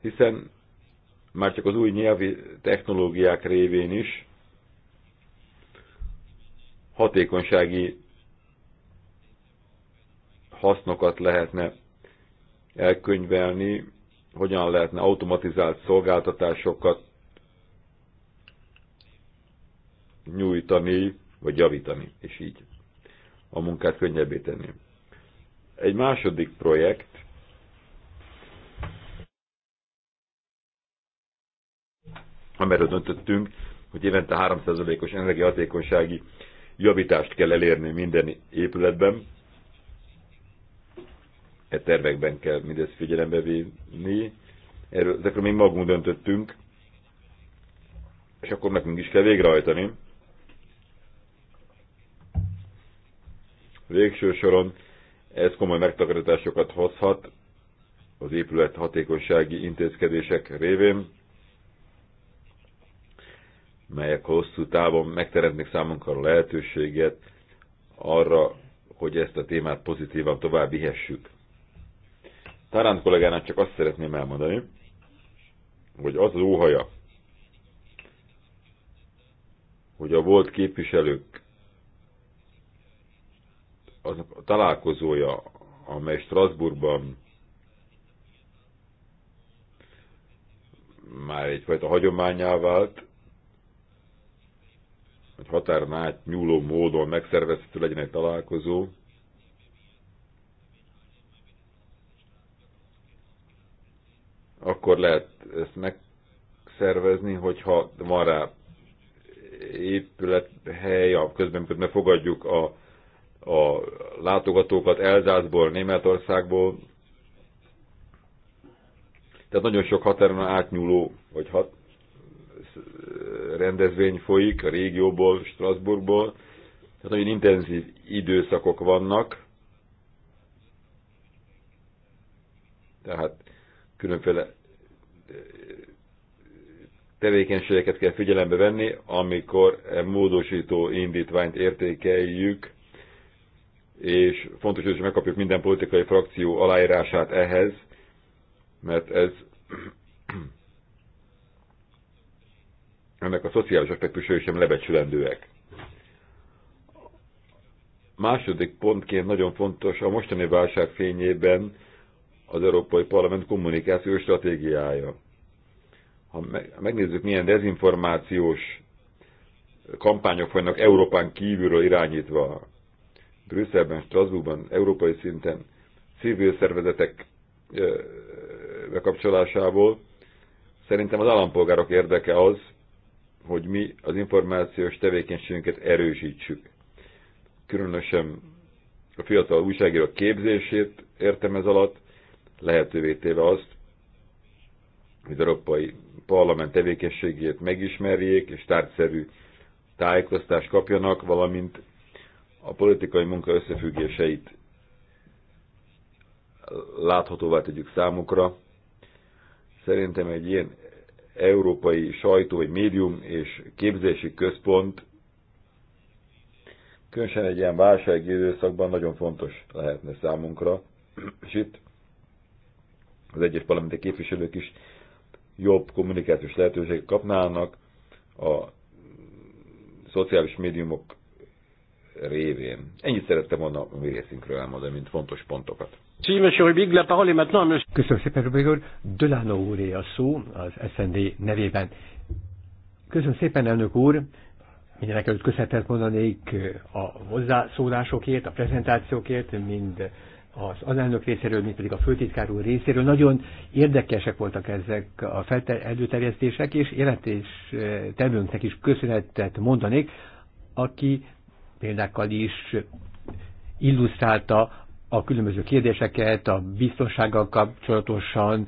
hiszen már csak az új nyelvi technológiák révén is hatékonysági hasznokat lehetne elkönyvelni, hogyan lehetne automatizált szolgáltatásokat nyújtani, vagy javítani, és így a munkát könnyebbé tenni. Egy második projekt, amiről döntöttünk, hogy évente 3%-os energiahatékonysági javítást kell elérni minden épületben. E tervekben kell mindezt figyelembe vinni, Erről, ezekről mi magunk döntöttünk, és akkor nekünk is kell végrehajtani. Végső soron ez komoly megtakarításokat hozhat az épület hatékonysági intézkedések révén, melyek hosszú távon megteremtnek számunkra a lehetőséget arra, hogy ezt a témát pozitívan tovább vihessük. Tarant kollégának csak azt szeretném elmondani, hogy az az óhaja, hogy a volt képviselők az a találkozója, amely Strasbourgban már egyfajta hagyományá vált, hogy határon át nyúló módon megszervezhető legyen egy találkozó, akkor lehet ezt megszervezni, hogyha van rá épülethely, a közben mikor fogadjuk a, a látogatókat Elzászból, Németországból. Tehát nagyon sok határon átnyúló, vagy hat, rendezvény folyik a régióból, Strasbourgból. Tehát nagyon intenzív időszakok vannak. Tehát különféle eh, tevékenységeket kell figyelembe venni, amikor e módosító indítványt értékeljük, és fontos, hogy megkapjuk minden politikai frakció aláírását ehhez, mert ez ennek a szociális aspektusai sem lebecsülendőek. Második pontként nagyon fontos a mostani válság fényében az Európai Parlament kommunikációs stratégiája. Ha megnézzük, milyen dezinformációs kampányok vannak Európán kívülről irányítva, Brüsszelben, Strasbourgban, európai szinten, civil szervezetek bekapcsolásából, szerintem az állampolgárok érdeke az, hogy mi az információs tevékenységünket erősítsük. Különösen a fiatal újságírók képzését értem ez alatt, lehetővé téve azt, hogy az Európai Parlament tevékenységét megismerjék, és tárgyszerű tájékoztást kapjanak, valamint a politikai munka összefüggéseit láthatóvá tegyük számukra. Szerintem egy ilyen európai sajtó, vagy médium és képzési központ különösen egy ilyen válsági időszakban nagyon fontos lehetne számunkra, és itt az egyes parlamenti képviselők is jobb kommunikációs lehetőséget kapnának a szociális médiumok révén. Ennyit szerettem volna a mi részünkről elmondani, mint fontos pontokat. Si, Monsieur Rubik, la parole est maintenant à Monsieur... Köszönöm szépen, Rubik úr. Delano úr a szó az SND nevében. Köszönöm szépen, elnök úr. Mindenek előtt köszönetet mondanék eh, a hozzászólásokért, a prezentációkért, mind az alelnök részéről, mint pedig a főtitkár úr részéről. Nagyon érdekesek voltak ezek a előterjesztések, és életés eh, tevőnknek is köszönetet mondanék, aki példákkal is illusztrálta a különböző kérdéseket, a biztonsággal kapcsolatosan,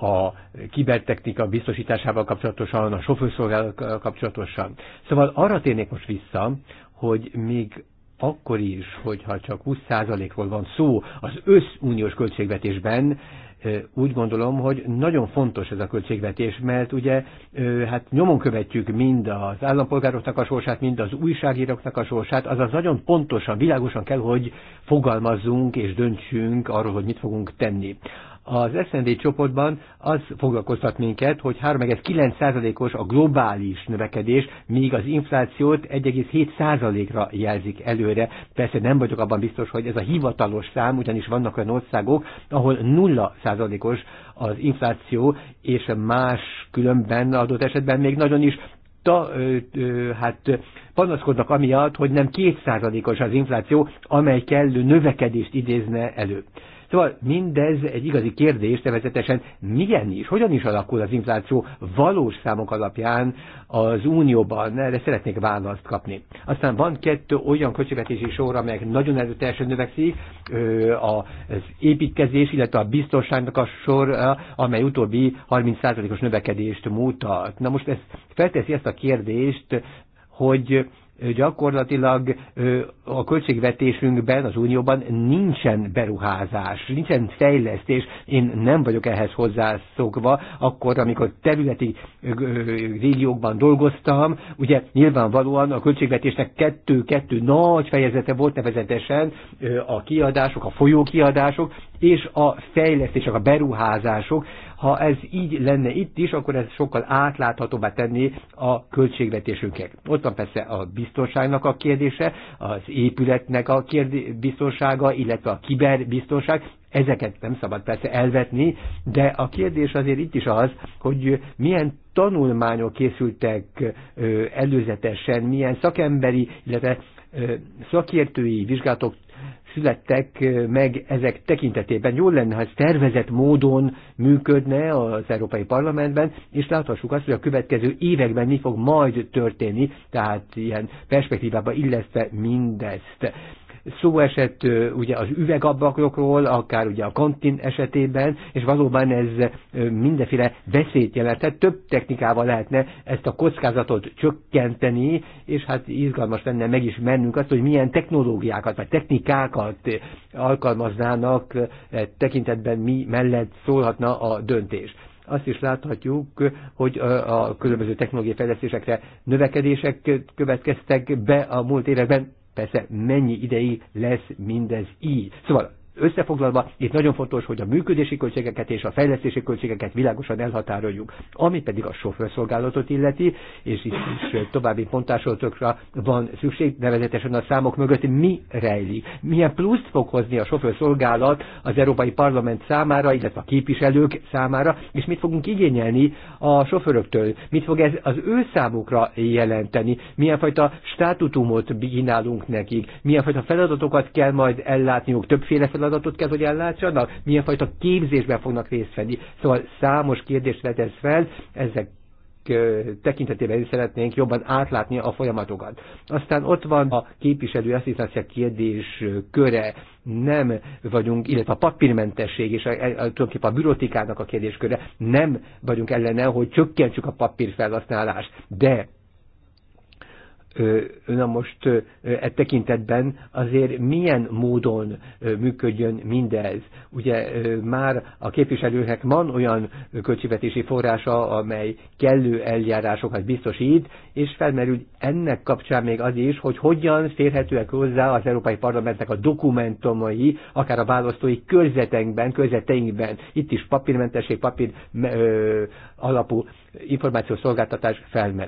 a kibertechnika biztosításával kapcsolatosan, a sofőrszolgálattal kapcsolatosan. Szóval arra térnék most vissza, hogy még akkor is, hogyha csak 20%-ról van szó az összuniós költségvetésben, úgy gondolom, hogy nagyon fontos ez a költségvetés, mert ugye hát nyomon követjük mind az állampolgároknak a sorsát, mind az újságíróknak a sorsát, azaz nagyon pontosan, világosan kell, hogy fogalmazzunk és döntsünk arról, hogy mit fogunk tenni. Az S&D csoportban az foglalkoztat minket, hogy 3,9%-os a globális növekedés, míg az inflációt 1,7%-ra jelzik előre. Persze nem vagyok abban biztos, hogy ez a hivatalos szám, ugyanis vannak olyan országok, ahol 0%-os az infláció, és más különben adott esetben még nagyon is ta, ö, ö, hát panaszkodnak amiatt, hogy nem 2%-os az infláció, amely kellő növekedést idézne elő. Szóval mindez egy igazi kérdés, nevezetesen milyen is, hogyan is alakul az infláció valós számok alapján az Unióban, erre szeretnék választ kapni. Aztán van kettő olyan költségvetési sor, amelyek nagyon erőteljesen növekszik, az építkezés, illetve a biztonságnak a sor, amely utóbbi 30%-os növekedést mutat. Na most ez felteszi ezt a kérdést, hogy gyakorlatilag a költségvetésünkben, az Unióban nincsen beruházás, nincsen fejlesztés, én nem vagyok ehhez hozzászokva, akkor, amikor területi régiókban dolgoztam, ugye nyilvánvalóan a költségvetésnek kettő-kettő nagy fejezete volt nevezetesen a kiadások, a folyókiadások, és a fejlesztések, a beruházások, ha ez így lenne itt is, akkor ez sokkal átláthatóbbá tenni a költségvetésünket. Ott van persze a biztonságnak a kérdése, az épületnek a biztonsága, illetve a kiberbiztonság, Ezeket nem szabad persze elvetni, de a kérdés azért itt is az, hogy milyen tanulmányok készültek előzetesen, milyen szakemberi, illetve szakértői vizsgálatok születtek meg ezek tekintetében. Jól lenne, ha ez tervezett módon működne az Európai Parlamentben, és láthassuk azt, hogy a következő években mi fog majd történni, tehát ilyen perspektívába illesztve mindezt szó esett ugye az üvegablakokról, akár ugye a kantin esetében, és valóban ez mindenféle veszélyt jelentett. Több technikával lehetne ezt a kockázatot csökkenteni, és hát izgalmas lenne meg is mennünk azt, hogy milyen technológiákat vagy technikákat alkalmaznának e tekintetben mi mellett szólhatna a döntés azt is láthatjuk, hogy a különböző technológiai fejlesztésekre növekedések következtek be a múlt években, persze mennyi ideig lesz mindez így. Szóval Összefoglalva, itt nagyon fontos, hogy a működési költségeket és a fejlesztési költségeket világosan elhatároljuk. Ami pedig a sofőrszolgálatot illeti, és itt is további pontásoltokra van szükség, nevezetesen a számok mögött mi rejlik. Milyen pluszt fog hozni a sofőrszolgálat az Európai Parlament számára, illetve a képviselők számára, és mit fogunk igényelni a sofőröktől? Mit fog ez az ő számukra jelenteni? Milyen fajta státutumot kínálunk nekik? Milyen fajta feladatokat kell majd ellátniuk? Többféle feladat feladatot kell, hogy ellátsanak, milyen fajta képzésben fognak részt venni. Szóval számos kérdést vetesz fel, ezek tekintetében is szeretnénk jobban átlátni a folyamatokat. Aztán ott van a képviselő asszisztencia kérdés köre, nem vagyunk, illetve a papírmentesség és a, e, a, tulajdonképpen a bürotikának a kérdésköre, nem vagyunk ellene, hogy csökkentsük a papírfelhasználást, de Na most e tekintetben azért milyen módon működjön mindez? Ugye már a képviselőknek van olyan költségvetési forrása, amely kellő eljárásokat biztosít, és felmerül ennek kapcsán még az is, hogy hogyan férhetőek hozzá az Európai Parlamentnek a dokumentumai, akár a választói körzetekben, körzeteinkben. Itt is papírmentesség, papír ö, alapú információszolgáltatás felmerül.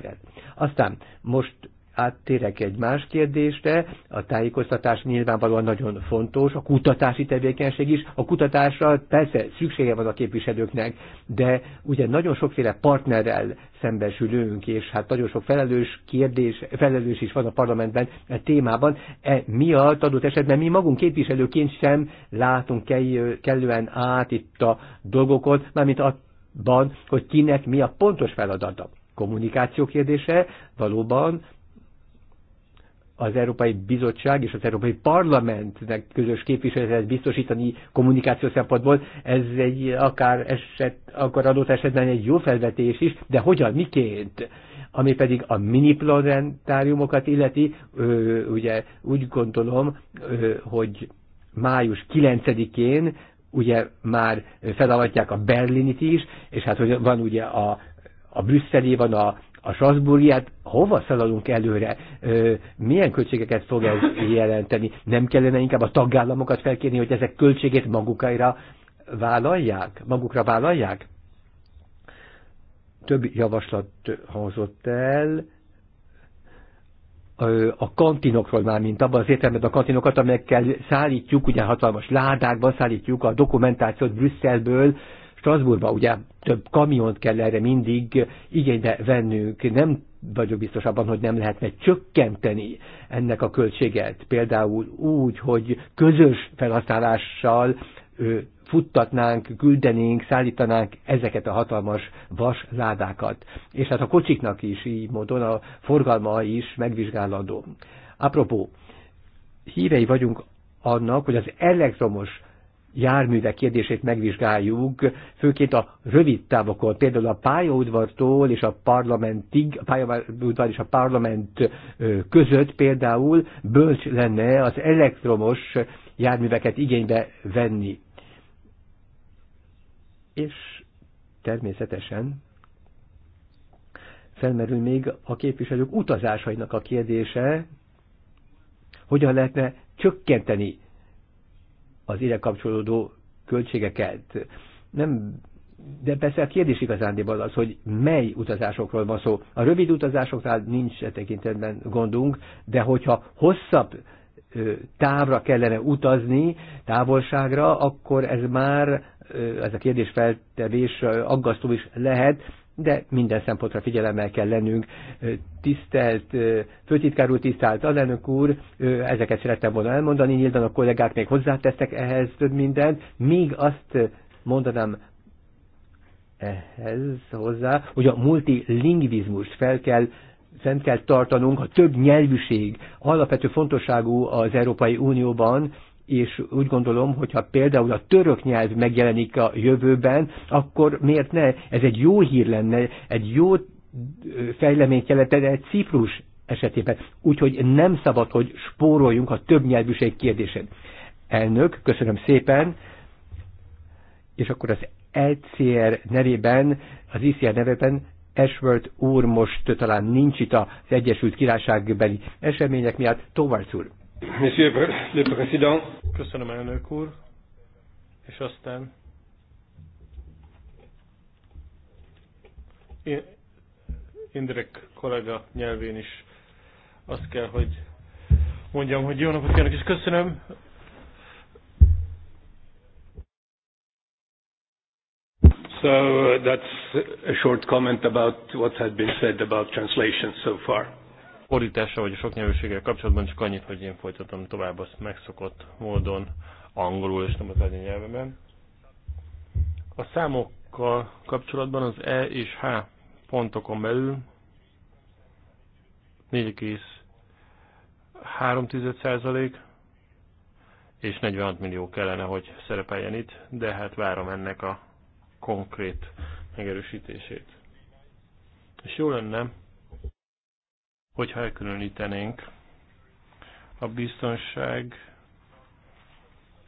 Aztán most áttérek egy más kérdésre, a tájékoztatás nyilvánvalóan nagyon fontos, a kutatási tevékenység is, a kutatásra persze szüksége van a képviselőknek, de ugye nagyon sokféle partnerrel szembesülünk, és hát nagyon sok felelős kérdés, felelős is van a parlamentben a e témában, e miatt adott esetben mi magunk képviselőként sem látunk kellően át itt a dolgokon, mármint abban, hogy kinek mi a pontos feladata kommunikáció kérdése valóban az Európai Bizottság és az Európai Parlamentnek közös képviseletet biztosítani kommunikáció szempontból, ez egy akár eset, akkor adott esetben egy jó felvetés is, de hogyan, miként? Ami pedig a mini planetáriumokat illeti, ö, ugye úgy gondolom, ö, hogy május 9-én ugye már felavatják a berlinit is, és hát hogy van ugye a, a brüsszeli, van a a Strasburgi, hát hova szaladunk előre, ö, milyen költségeket fog ez jelenteni, nem kellene inkább a tagállamokat felkérni, hogy ezek költségét magukra vállalják, magukra vállalják? Több javaslat hangzott el, a kantinokról már, mint abban az értelemben a kantinokat, amelyekkel szállítjuk, ugye hatalmas ládákban szállítjuk a dokumentációt Brüsszelből Strasbourgba, ugye több kamiont kell erre mindig igénybe vennünk, nem vagyok biztos abban, hogy nem lehetne csökkenteni ennek a költséget, például úgy, hogy közös felhasználással futtatnánk, küldenénk, szállítanánk ezeket a hatalmas vasládákat. És hát a kocsiknak is így módon a forgalma is megvizsgálandó. Apropó, hívei vagyunk annak, hogy az elektromos járművek kérdését megvizsgáljuk, főként a rövid távokon, például a pályaudvartól és a parlamentig, a pályaudvar és a parlament között például bölcs lenne az elektromos járműveket igénybe venni. És természetesen felmerül még a képviselők utazásainak a kérdése, hogyan lehetne csökkenteni az ide kapcsolódó költségeket. Nem, de persze a kérdés igazándiból az, hogy mely utazásokról van szó. A rövid utazásoknál nincs e tekintetben gondunk, de hogyha hosszabb távra kellene utazni, távolságra, akkor ez már, ez a kérdés feltevés aggasztó is lehet, de minden szempontra figyelemmel kell lennünk. Tisztelt, főtitkár úr, tisztelt alelnök úr, ezeket szerettem volna elmondani, nyilván a kollégák még hozzátesztek ehhez több mindent, míg azt mondanám ehhez hozzá, hogy a multilingvizmust fel kell fent kell tartanunk, a több nyelvűség alapvető fontosságú az Európai Unióban, és úgy gondolom, hogyha például a török nyelv megjelenik a jövőben, akkor miért ne? Ez egy jó hír lenne, egy jó fejleményt jelentene egy Ciprus esetében. Úgyhogy nem szabad, hogy spóroljunk a többnyelvűség kérdésén. Elnök, köszönöm szépen, és akkor az ECR nevében, az ICR nevében Ashworth úr most talán nincs itt az Egyesült Királyságbeli események miatt. Tovarc úr. Monsieur le Président. Köszönöm, elnök úr. És aztán... Indrek kollega nyelvén is azt kell, hogy mondjam, hogy jó napot kívánok, és köszönöm. So uh, that's a short comment about what has been said about translation so far fordítása vagy a sok nyelvűséggel kapcsolatban csak annyit, hogy én folytatom tovább azt megszokott módon angolul és nem az nyelvemen. A számokkal kapcsolatban az E és H pontokon belül 4,3% és 46 millió kellene, hogy szerepeljen itt, de hát várom ennek a konkrét megerősítését. És jó lenne, hogyha elkülönítenénk a biztonság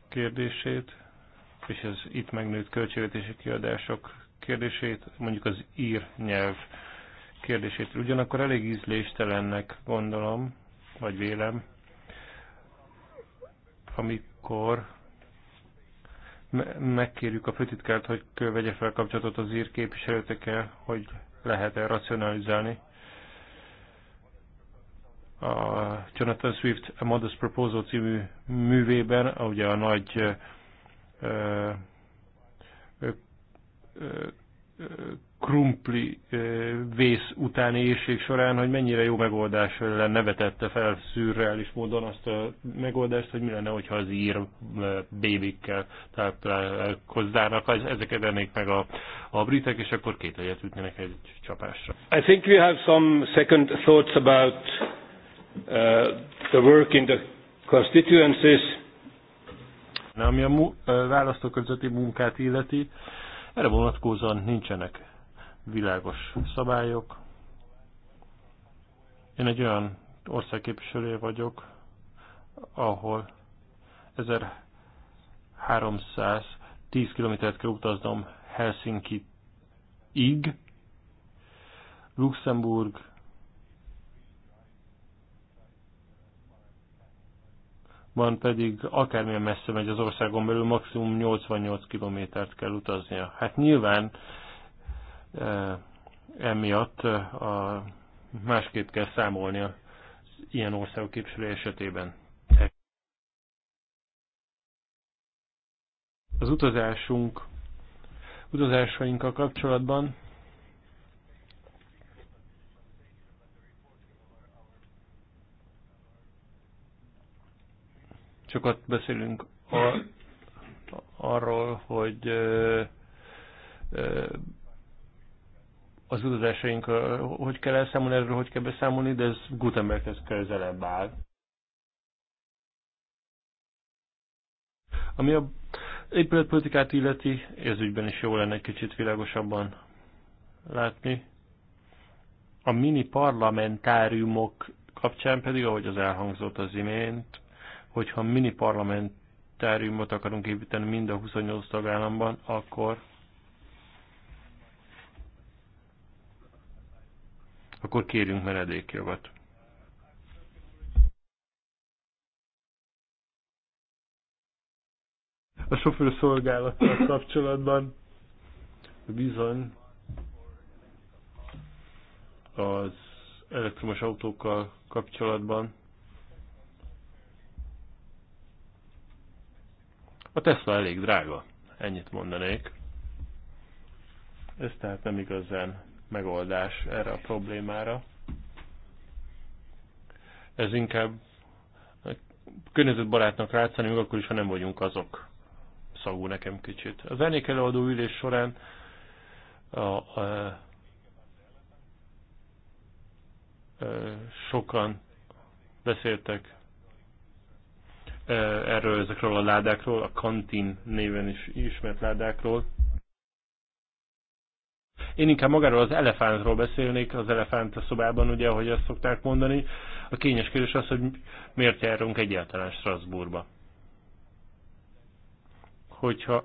kérdését, és az itt megnőtt költségvetési kiadások kérdését, mondjuk az ír nyelv kérdését. Ugyanakkor elég ízléstelennek gondolom, vagy vélem, amikor me megkérjük a főtitkárt, hogy vegye fel kapcsolatot az ír képviselőtekkel, hogy lehet-e racionalizálni a Jonathan Swift A Modest Proposal című művében, ugye a nagy ö, ö, ö, krumpli vész utáni éjség során, hogy mennyire jó megoldás lenne, vetette fel szürreális módon azt a megoldást, hogy mi lenne, hogyha az ír bébikkel táplálkoznának, ezeket ennék meg a, a britek, és akkor két egyet ütnének egy csapásra. I think we have some second thoughts about Uh, the work in the constituencies. Ami a választóközötti munkát illeti, erre vonatkozóan nincsenek világos szabályok. Én egy olyan ország vagyok, ahol 1310 kilométert kell utaznom Helsinki-ig, Luxemburg van pedig akármilyen messze megy az országon belül, maximum 88 kilométert kell utaznia. Hát nyilván e, emiatt e, a, másképp kell számolni az ilyen országok képviselő esetében. Az utazásunk, utazásainkkal kapcsolatban Sokat beszélünk a, arról, hogy az utazásaink, hogy kell elszámolni, erről hogy kell beszámolni, de ez Gutenberghez közelebb áll. Ami a épületpolitikát illeti, ez ügyben is jó lenne egy kicsit világosabban látni. A mini parlamentáriumok kapcsán pedig, ahogy az elhangzott az imént, hogyha mini parlamentáriumot akarunk építeni mind a 28 tagállamban, akkor akkor kérünk menedékjogot. A sofőrszolgálattal kapcsolatban bizony az elektromos autókkal kapcsolatban A Tesla elég drága, ennyit mondanék. Ez tehát nem igazán megoldás erre a problémára. Ez inkább környezetbarátnak rátszani, még akkor is, ha nem vagyunk azok. Szagú nekem kicsit. Az elnék előadó ülés során a, a, a, sokan beszéltek erről ezekről a ládákról, a kantin néven is ismert ládákról. Én inkább magáról az elefántról beszélnék, az elefánt a szobában, ugye, ahogy azt szokták mondani. A kényes kérdés az, hogy miért járunk egyáltalán Strasbourgba. Hogyha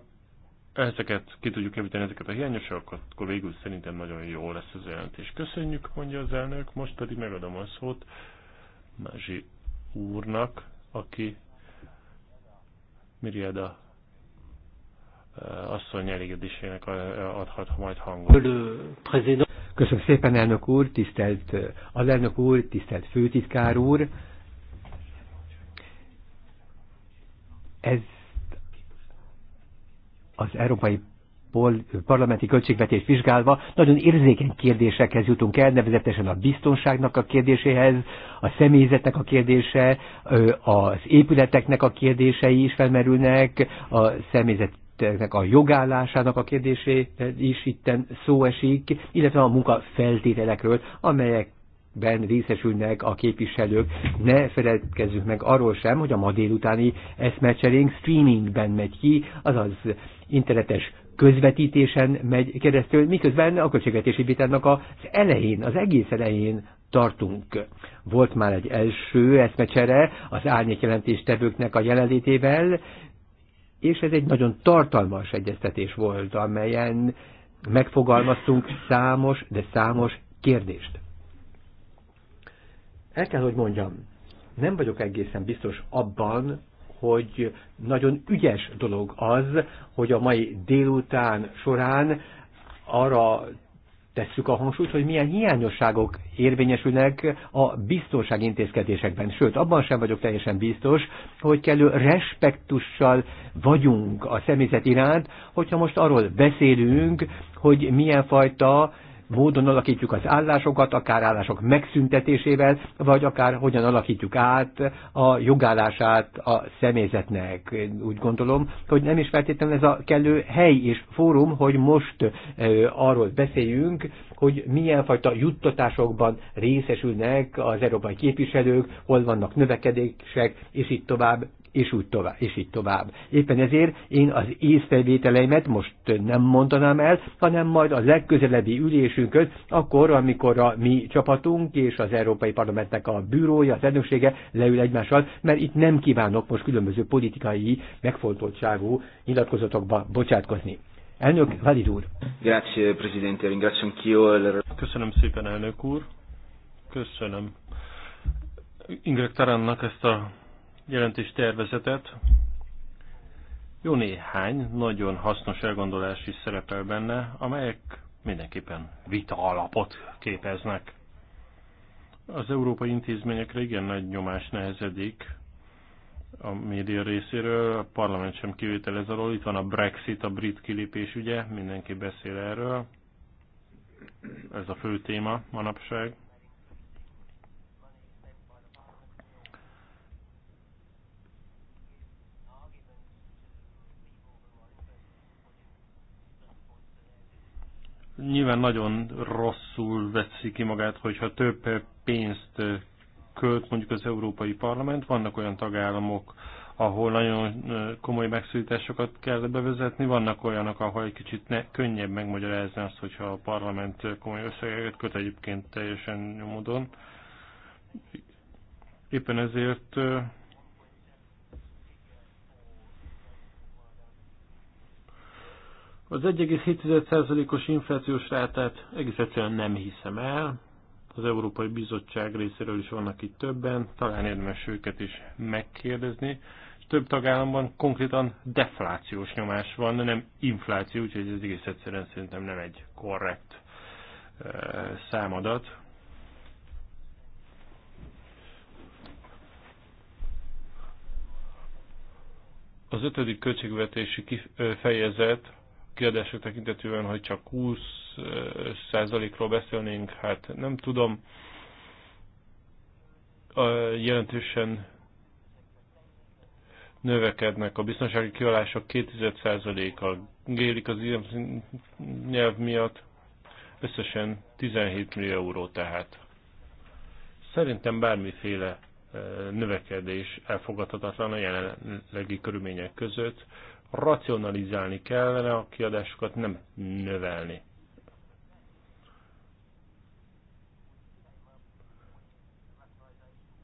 ezeket ki tudjuk javítani, ezeket a hiányosokat, akkor végül szerintem nagyon jó lesz az jelentés. Köszönjük, mondja az elnök, most pedig megadom a szót Mázsi úrnak, aki Miriada eh, asszony elégedésének eh, adhat majd hangot. Köszönöm szépen, elnök úr, tisztelt alelnök úr, tisztelt főtitkár úr. Ez az Európai parlamenti költségvetést vizsgálva nagyon érzékeny kérdésekhez jutunk el, nevezetesen a biztonságnak a kérdéséhez, a személyzetnek a kérdése, az épületeknek a kérdései is felmerülnek, a személyzet a jogállásának a kérdésé is itten szó esik, illetve a munka feltételekről, amelyekben részesülnek a képviselők. Ne feledkezzünk meg arról sem, hogy a ma délutáni eszmecserénk streamingben megy ki, azaz internetes közvetítésen megy keresztül, miközben a költségvetési vitának az elején, az egész elején tartunk. Volt már egy első eszmecsere az árnyék jelentéstevőknek a jelenlétével, és ez egy nagyon tartalmas egyeztetés volt, amelyen megfogalmaztunk számos, de számos kérdést. El kell, hogy mondjam, nem vagyok egészen biztos abban, hogy nagyon ügyes dolog az, hogy a mai délután során arra tesszük a hangsúlyt, hogy milyen hiányosságok érvényesülnek a biztonság intézkedésekben. Sőt, abban sem vagyok teljesen biztos, hogy kellő respektussal vagyunk a személyzet iránt, hogyha most arról beszélünk, hogy milyen fajta módon alakítjuk az állásokat, akár állások megszüntetésével, vagy akár hogyan alakítjuk át a jogállását a személyzetnek. úgy gondolom, hogy nem is feltétlenül ez a kellő hely és fórum, hogy most arról beszéljünk, hogy milyen fajta juttatásokban részesülnek az európai képviselők, hol vannak növekedések, és itt tovább, és úgy tovább, és így tovább. Éppen ezért én az észrevételeimet most nem mondanám el, hanem majd a legközelebbi ülésünkön, akkor, amikor a mi csapatunk és az Európai Parlamentnek a bűrója, az elnöksége leül egymással, mert itt nem kívánok most különböző politikai megfontoltságú nyilatkozatokba bocsátkozni. Elnök, Valid úr. Grazie, Presidente. Ringrazio anch'io. Köszönöm szépen, elnök úr. Köszönöm. Ingrid Tarannak ezt a jelentés tervezetet. Jó néhány nagyon hasznos elgondolás is szerepel benne, amelyek mindenképpen vita alapot képeznek. Az európai intézményekre igen nagy nyomás nehezedik a média részéről, a parlament sem kivétel ez alól. Itt van a Brexit, a brit kilépés ügye, mindenki beszél erről. Ez a fő téma manapság. Nyilván nagyon rosszul veszi ki magát, hogyha több pénzt költ mondjuk az Európai Parlament. Vannak olyan tagállamok, ahol nagyon komoly megszorításokat kell bevezetni, vannak olyanok, ahol egy kicsit ne, könnyebb megmagyarázni azt, hogyha a parlament komoly összegeket köt egyébként teljesen nyomodon. Éppen ezért Az 1,7%-os inflációs rátát egész egyszerűen nem hiszem el. Az Európai Bizottság részéről is vannak itt többen, talán érdemes őket is megkérdezni. Több tagállamban konkrétan deflációs nyomás van, nem infláció, úgyhogy ez egész egyszerűen szerintem nem egy korrekt eh, számadat. Az ötödik költségvetési eh, fejezet kiadások tekintetűen, hogy csak 20%-ról beszélnénk, hát nem tudom. Jelentősen növekednek a biztonsági kialások 21 kal gélik az ilyen nyelv miatt, összesen 17 millió euró tehát. Szerintem bármiféle eh, növekedés elfogadhatatlan a jelenlegi körülmények között racionalizálni kellene a kiadásokat, nem növelni.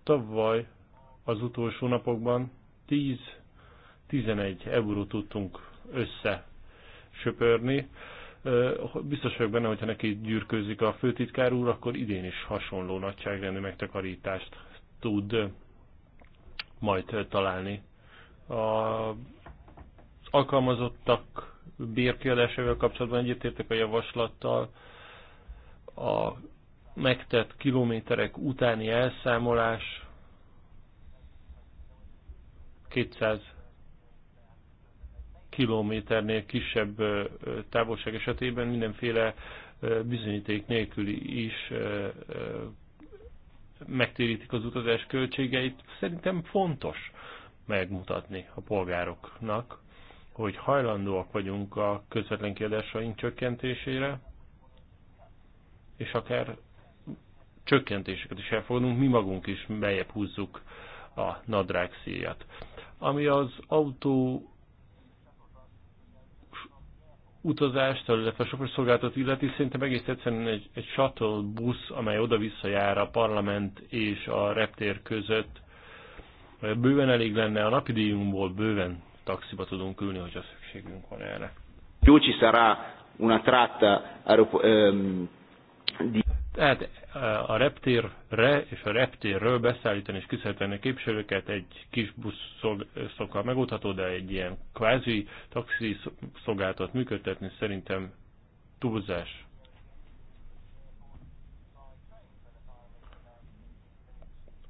Tavaly az utolsó napokban 10-11 eurót tudtunk össze söpörni. Biztos vagyok benne, hogyha neki gyűrközik a főtitkár úr, akkor idén is hasonló nagyságrendű megtakarítást tud majd találni. A alkalmazottak bérkiadásával kapcsolatban egyetértek a javaslattal. A megtett kilométerek utáni elszámolás 200 kilométernél kisebb távolság esetében mindenféle bizonyíték nélküli is megtérítik az utazás költségeit. Szerintem fontos megmutatni a polgároknak, hogy hajlandóak vagyunk a közvetlen kiadásaink csökkentésére, és akár csökkentéseket is elfogadunk, mi magunk is beljebb húzzuk a nadrág szíjat. Ami az autó utazást, illetve sofőrszolgáltat illeti, szerintem egész egyszerűen egy, egy shuttle busz, amely oda-vissza jár a parlament és a reptér között, bőven elég lenne, a napi díjunkból bőven taxiba tudunk ülni, hogyha szükségünk van erre. Jó, ci una tratta ehm, Tehát eh, a reptérre és a reptérről beszállítani és kiszállítani a képviselőket egy kis buszokkal megoldható, de egy ilyen kvázi taxi szolgáltat működtetni szerintem túlzás.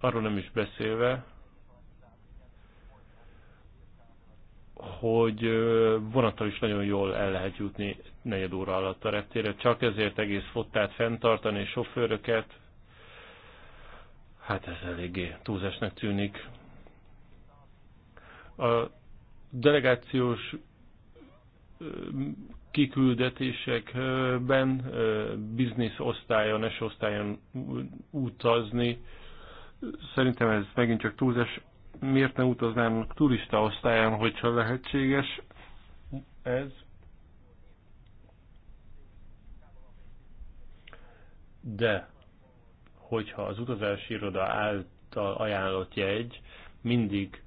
Arról nem is beszélve, hogy vonattal is nagyon jól el lehet jutni negyed óra alatt a reptére. Csak ezért egész fottát fenntartani, és sofőröket, hát ez eléggé túlzásnak tűnik. A delegációs kiküldetésekben biznisz osztályon, S osztályon utazni, szerintem ez megint csak túlzás miért nem utaznának turista osztályán, hogyha lehetséges ez? De, hogyha az utazási iroda által ajánlott jegy mindig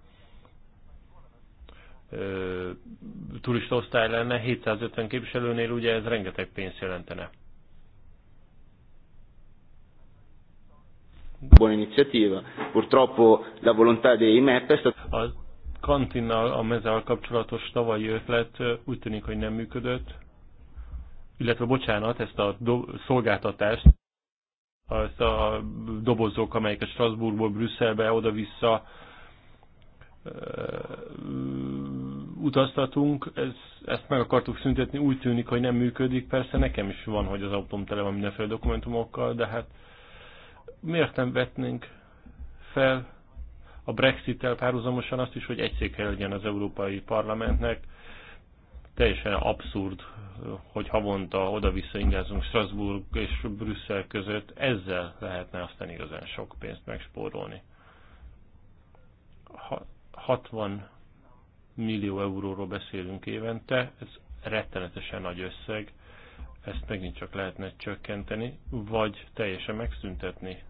turista osztály lenne, 750 képviselőnél ugye ez rengeteg pénzt jelentene. Buona iniziativa. Purtroppo la volontà dei MEP è stata... A kantinnal, a mezzel kapcsolatos tavalyi ötlet úgy tűnik, hogy nem működött. Illetve bocsánat, ezt a szolgáltatást, ezt a dobozok, amelyeket Strasbourgból Brüsszelbe oda-vissza utaztatunk, ez, ezt meg akartuk szüntetni, úgy tűnik, hogy nem működik, persze nekem is van, hogy az autóm tele van mindenféle dokumentumokkal, de hát miért nem vetnénk fel a Brexit-tel párhuzamosan azt is, hogy egy székhely legyen az Európai Parlamentnek. Teljesen abszurd, hogy havonta oda-vissza ingázunk Strasbourg és Brüsszel között. Ezzel lehetne aztán igazán sok pénzt megspórolni. 60 millió euróról beszélünk évente, ez rettenetesen nagy összeg ezt megint csak lehetne csökkenteni, vagy teljesen megszüntetni.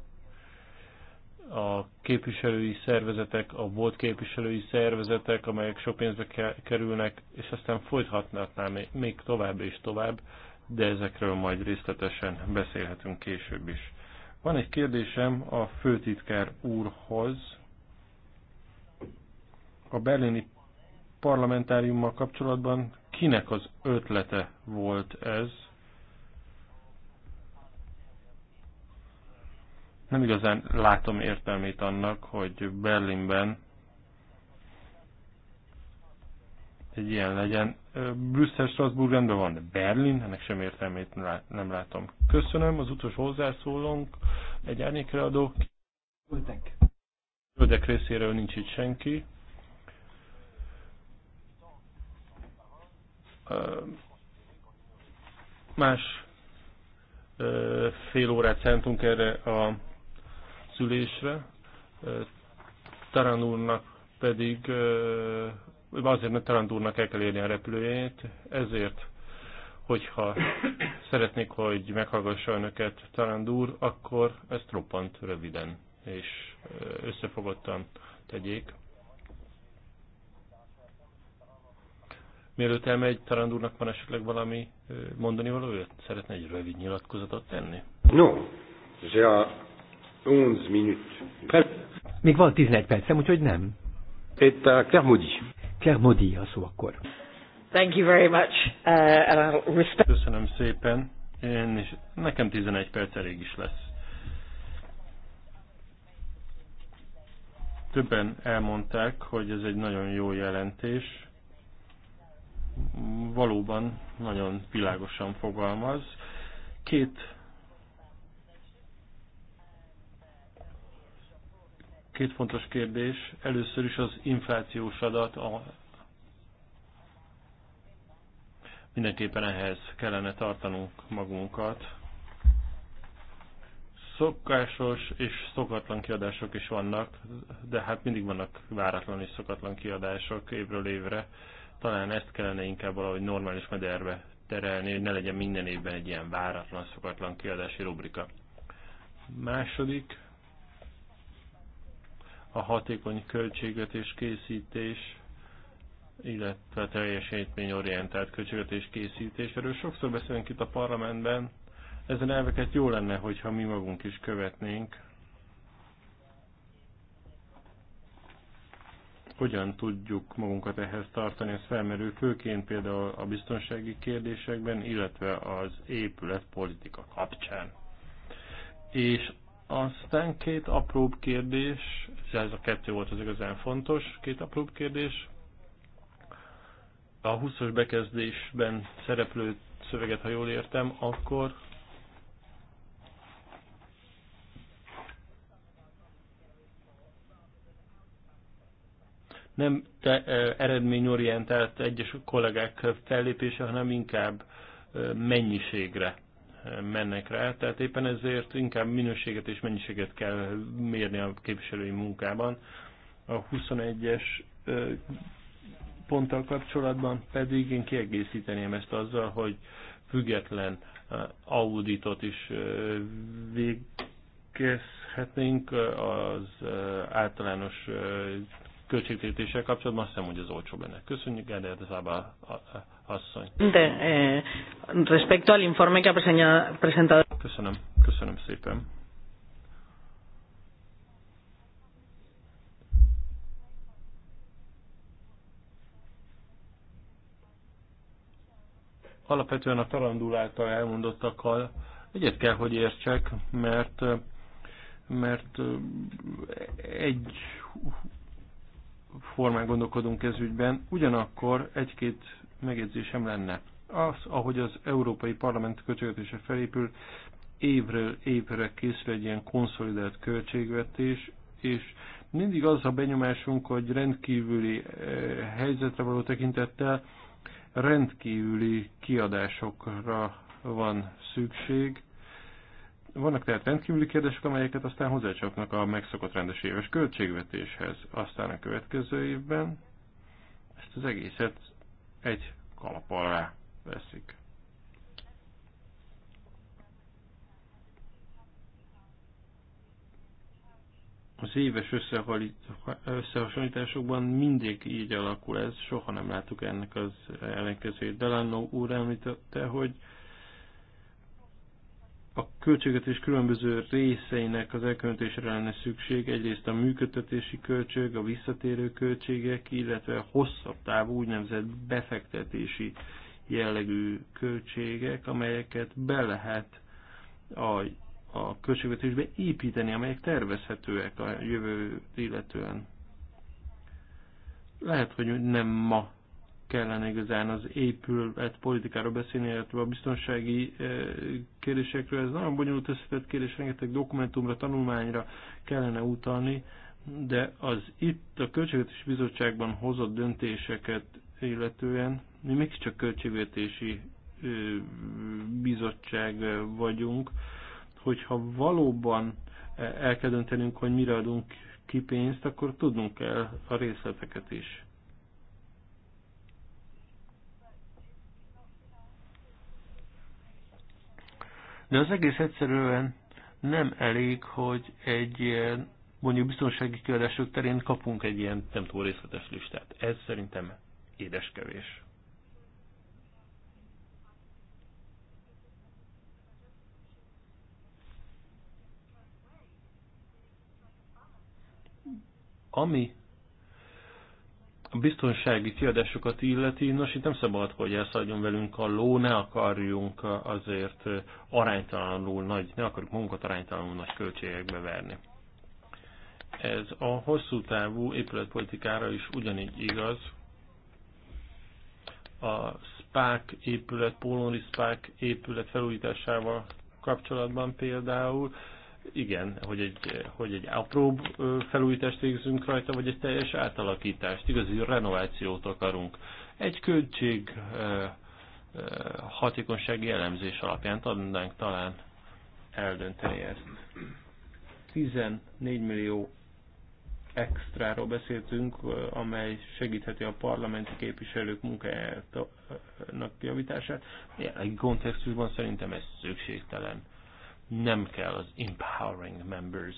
A képviselői szervezetek, a volt képviselői szervezetek, amelyek sok pénzbe kerülnek, és aztán folytathatnám még tovább és tovább, de ezekről majd részletesen beszélhetünk később is. Van egy kérdésem a főtitkár úrhoz. A berlini parlamentáriummal kapcsolatban kinek az ötlete volt ez? nem igazán látom értelmét annak, hogy Berlinben egy ilyen legyen. Brüsszel, Strasbourg rendben van, de Berlin, ennek sem értelmét nem látom. Köszönöm, az utolsó hozzászólónk, egy árnyékreadó. Zöldek. Zöldek részéről nincs itt senki. Más fél órát szántunk erre a szülésre, Tarand úrnak pedig azért, mert Tarand úrnak el kell érni a repülőjét, ezért hogyha szeretnék, hogy meghallgassa önöket Tarand úr, akkor ezt roppant röviden és összefogottan tegyék. Mielőtt elmegy, Tarand úrnak van esetleg valami mondani valója? Szeretne egy rövid nyilatkozatot tenni? No, 11 minut. Még van 11 percem, úgyhogy nem. Itt a Claire Modi. Claire a szó akkor. Thank you very much. Uh, and I'll respect... Köszönöm szépen. Én is, nekem 11 perc elég is lesz. Többen elmondták, hogy ez egy nagyon jó jelentés. Valóban nagyon világosan fogalmaz. Két Két fontos kérdés. Először is az inflációs adat, a mindenképpen ehhez kellene tartanunk magunkat. Szokásos és szokatlan kiadások is vannak, de hát mindig vannak váratlan és szokatlan kiadások évről évre. Talán ezt kellene inkább valahogy normális mederbe terelni, hogy ne legyen minden évben egy ilyen váratlan, szokatlan kiadási rubrika. Második a hatékony költségvetés készítés, illetve teljesítményorientált költségvetés készítés. Erről sokszor beszélünk itt a parlamentben, ezen elveket jó lenne, hogyha mi magunk is követnénk. Hogyan tudjuk magunkat ehhez tartani, ez felmerül főként például a biztonsági kérdésekben, illetve az épületpolitika kapcsán. És aztán két apróbb kérdés, ez a kettő volt az igazán fontos, két apróbb kérdés. A 20-os bekezdésben szereplő szöveget, ha jól értem, akkor nem te, eh, eredményorientált egyes kollégák fellépése, hanem inkább eh, mennyiségre mennek rá, tehát éppen ezért inkább minőséget és mennyiséget kell mérni a képviselői munkában. A 21-es ponttal kapcsolatban pedig én kiegészíteném ezt azzal, hogy független auditot is végezhetnénk az általános költségtétéssel kapcsolatban, azt hiszem, hogy az olcsóbb lenne. Köszönjük, Gáder Zába asszony. De, eh, respecto al informe que ha presentado. Köszönöm, köszönöm szépen. alapvetően a talandul által elmondottakkal egyet kell, hogy értsek, mert, mert eh, egy formán gondolkodunk ez ügyben, ugyanakkor egy-két megjegyzésem lenne. Az, ahogy az Európai Parlament költségvetése felépül, évről évre készül egy ilyen konszolidált költségvetés, és mindig az a benyomásunk, hogy rendkívüli eh, helyzetre való tekintettel rendkívüli kiadásokra van szükség. Vannak tehát rendkívüli kérdések, amelyeket aztán hozzácsapnak a megszokott rendes éves költségvetéshez. Aztán a következő évben ezt az egészet egy kalap alá veszik. Az éves összehasonlításokban mindig így alakul ez, soha nem láttuk ennek az ellenkezőjét. Delano úr említette, hogy a költségvetés különböző részeinek az elkülönítésre lenne szükség. Egyrészt a működtetési költség, a visszatérő költségek, illetve a hosszabb távú úgynevezett befektetési jellegű költségek, amelyeket be lehet a, a költségvetésbe építeni, amelyek tervezhetőek a jövőt illetően. Lehet, hogy nem ma kellene igazán az épület politikáról beszélni, illetve a biztonsági eh, kérdésekről. Ez nagyon bonyolult összetett kérdés, rengeteg dokumentumra, tanulmányra kellene utalni, de az itt a Költségvetési Bizottságban hozott döntéseket illetően mi mégiscsak Költségvetési eh, Bizottság vagyunk, hogyha valóban eh, el kell döntenünk, hogy mire adunk ki pénzt, akkor tudnunk kell a részleteket is. De az egész egyszerűen nem elég, hogy egy ilyen, mondjuk biztonsági kiadások terén kapunk egy ilyen nem túl részletes listát. Ez szerintem édes kevés. Ami a biztonsági kiadásokat illeti, nos itt nem szabad, hogy elszálljon velünk a ló, ne akarjunk azért aránytalanul nagy, ne akarjuk magunkat aránytalanul nagy költségekbe verni. Ez a hosszú távú épületpolitikára is ugyanígy igaz. A SPÁK épület, polonis SPÁK épület felújításával kapcsolatban például igen, hogy egy, hogy egy apróbb felújítást végzünk rajta, vagy egy teljes átalakítást, igazi renovációt akarunk. Egy költség hatékonysági elemzés alapján tudnánk talán eldönteni ezt. 14 millió extráról beszéltünk, amely segítheti a parlamenti képviselők munkájának javítását. Jelenlegi kontextusban szerintem ez szükségtelen nem kell az empowering members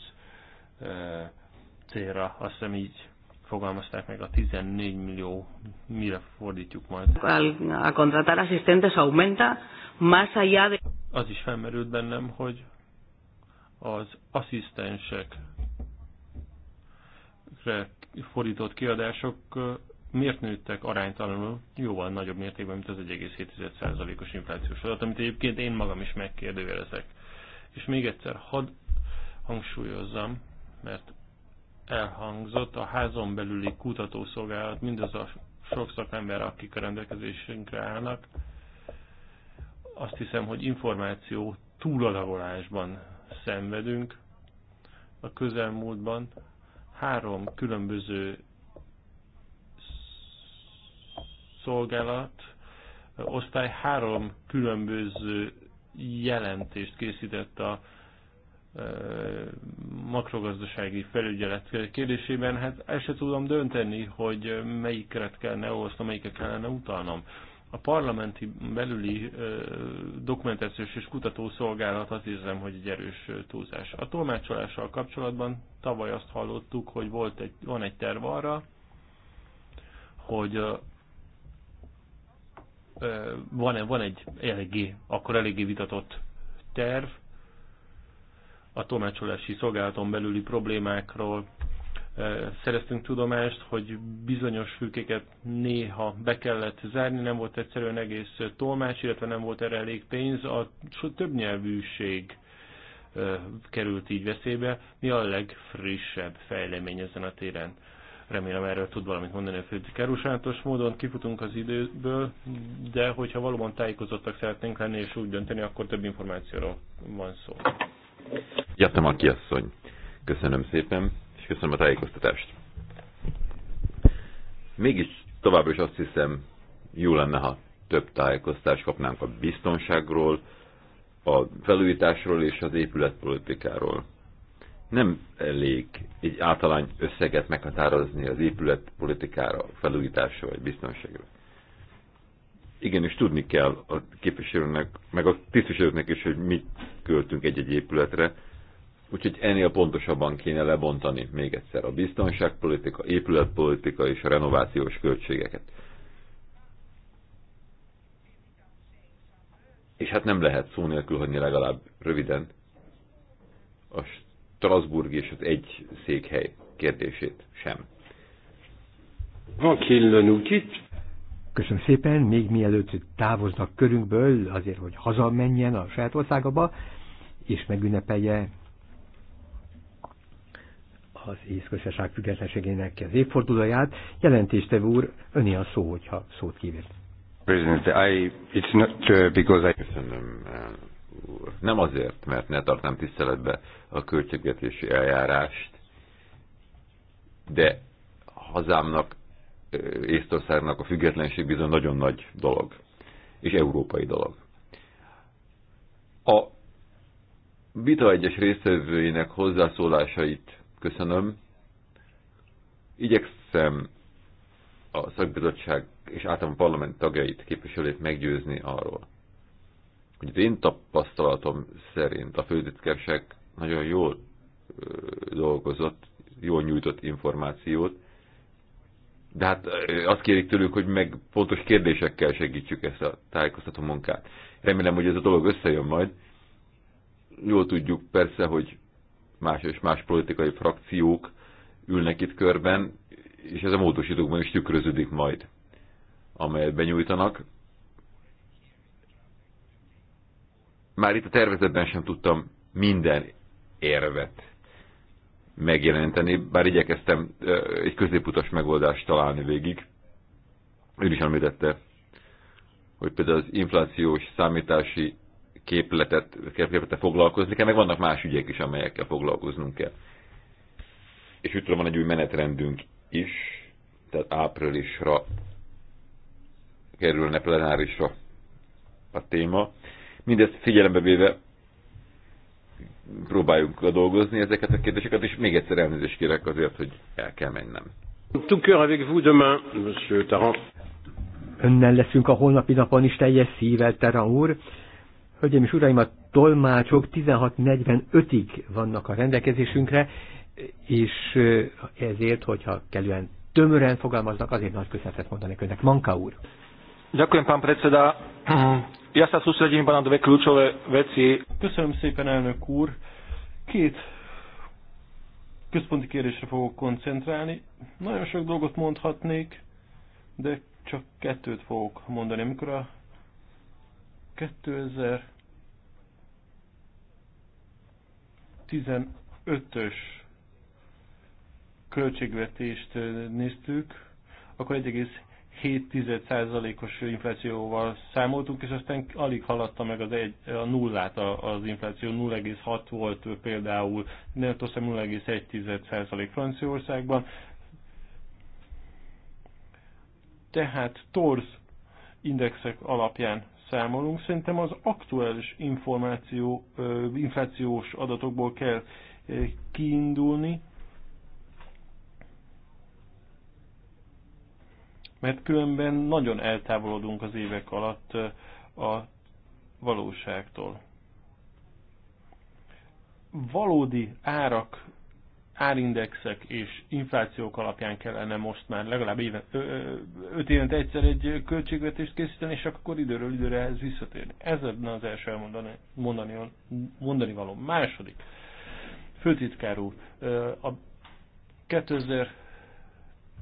célra, azt hiszem így fogalmazták meg a 14 millió, mire fordítjuk majd. A contratar asistentes aumenta más allá de... Az is felmerült bennem, hogy az asszisztensek fordított kiadások miért nőttek aránytalanul jóval nagyobb mértékben, mint az 1,7%-os inflációs adat, amit egyébként én magam is megkérdőjelezek. És még egyszer hadd hangsúlyozzam, mert elhangzott a házon belüli kutatószolgálat, mindaz a sok szakember, akik a rendelkezésünkre állnak, azt hiszem, hogy információ túladagolásban szenvedünk. A közelmúltban három különböző szolgálat, osztály három különböző jelentést készített a makrogazdasági felügyelet kérdésében, hát el se tudom dönteni, hogy melyikre kellene olvasnom, melyikre kellene utalnom. A parlamenti belüli dokumentációs és kutatószolgálat azt hiszem, hogy egy erős túlzás. A tolmácsolással kapcsolatban tavaly azt hallottuk, hogy volt egy, van egy terv arra, hogy van, -e, van egy eléggé, akkor eléggé vitatott terv a tolmácsolási szolgálaton belüli problémákról. Szereztünk tudomást, hogy bizonyos fülkéket néha be kellett zárni, nem volt egyszerűen egész tolmács, illetve nem volt erre elég pénz. A többnyelvűség került így veszélybe. Mi a legfrissebb fejlemény ezen a téren? Remélem erről tud valamit mondani a főtitkár úr. módon kifutunk az időből, de hogyha valóban tájékozottak szeretnénk lenni és úgy dönteni, akkor több információról van szó. Jöttem a kiasszony. Köszönöm szépen, és köszönöm a tájékoztatást. Mégis továbbra is azt hiszem, jó lenne, ha több tájékoztást kapnánk a biztonságról, a felújításról és az épületpolitikáról nem elég egy általány összeget meghatározni az épületpolitikára, felújításra vagy biztonságra. és tudni kell a képviselőnek, meg a tisztviselőknek is, hogy mit költünk egy-egy épületre, úgyhogy ennél pontosabban kéne lebontani még egyszer a biztonságpolitika, épületpolitika és a renovációs költségeket. És hát nem lehet szó nélkül hagyni legalább röviden a Strasbourg és az egy székhely kérdését sem. Köszönöm szépen, még mielőtt távoznak körünkből, azért, hogy hazamenjen a saját országába, és megünnepelje az észköztesság függetlenségének az évfordulóját. Jelentéste úr, öné a szó, hogyha szót kívül. President, I, it's not uh, because I... Köszönöm, nem azért, mert ne tartnám tiszteletbe a költségvetési eljárást, de hazámnak, Észtországnak a függetlenség bizony nagyon nagy dolog, és európai dolog. A vita egyes résztvevőinek hozzászólásait köszönöm. Igyekszem a szakbizottság és általában a parlament tagjait képviselőt meggyőzni arról, hogy az én tapasztalatom szerint a főtitkárság nagyon jól dolgozott, jól nyújtott információt, de hát azt kérik tőlük, hogy meg pontos kérdésekkel segítsük ezt a tájékoztató munkát. Remélem, hogy ez a dolog összejön majd. Jól tudjuk persze, hogy más és más politikai frakciók ülnek itt körben, és ez a módosítókban is tükröződik majd, amelyet benyújtanak. már itt a tervezetben sem tudtam minden érvet megjelenteni, bár igyekeztem egy középutas megoldást találni végig. Ő is említette, hogy például az inflációs számítási képletet, képletet foglalkozni kell, meg vannak más ügyek is, amelyekkel foglalkoznunk kell. És úgy tudom, van egy új menetrendünk is, tehát áprilisra kerülne plenárisra a téma. Mindezt figyelembe véve próbáljunk dolgozni ezeket a kérdéseket, és még egyszer elnézést kérek azért, hogy el kell mennem. avec vous demain, monsieur Taran. Önnel leszünk a holnapi napon is teljes szívvel, Taran úr. Hölgyeim és uraim, a tolmácsok 16.45-ig vannak a rendelkezésünkre, és ezért, hogyha kellően tömören fogalmaznak, azért nagy köszönetet mondanék önnek. Manka úr! Ďakujem, pán predseda. Ja sa sústredím iba na dve kľúčové veci. Köszönöm szépen, elnök úr. Két központi kérdésre fogok koncentrálni. Nagyon sok dolgot mondhatnék, de csak kettőt fogok mondani. Amikor a 2015-ös költségvetést néztük, akkor 1, 7%-os inflációval számoltunk, és aztán alig haladta meg az egy, a nullát az infláció, 0,6 volt például, Németország 0,1% Franciaországban. Tehát TORZ indexek alapján számolunk. Szerintem az aktuális információ, inflációs adatokból kell kiindulni, mert különben nagyon eltávolodunk az évek alatt a valóságtól. Valódi árak, árindexek és inflációk alapján kellene most már legalább éve, ö, öt évente egyszer egy költségvetést készíteni, és akkor időről időre ehhez visszatérni. Ez lenne az első elmondani, mondani, mondani való. Második, főtitkár úr, a 2000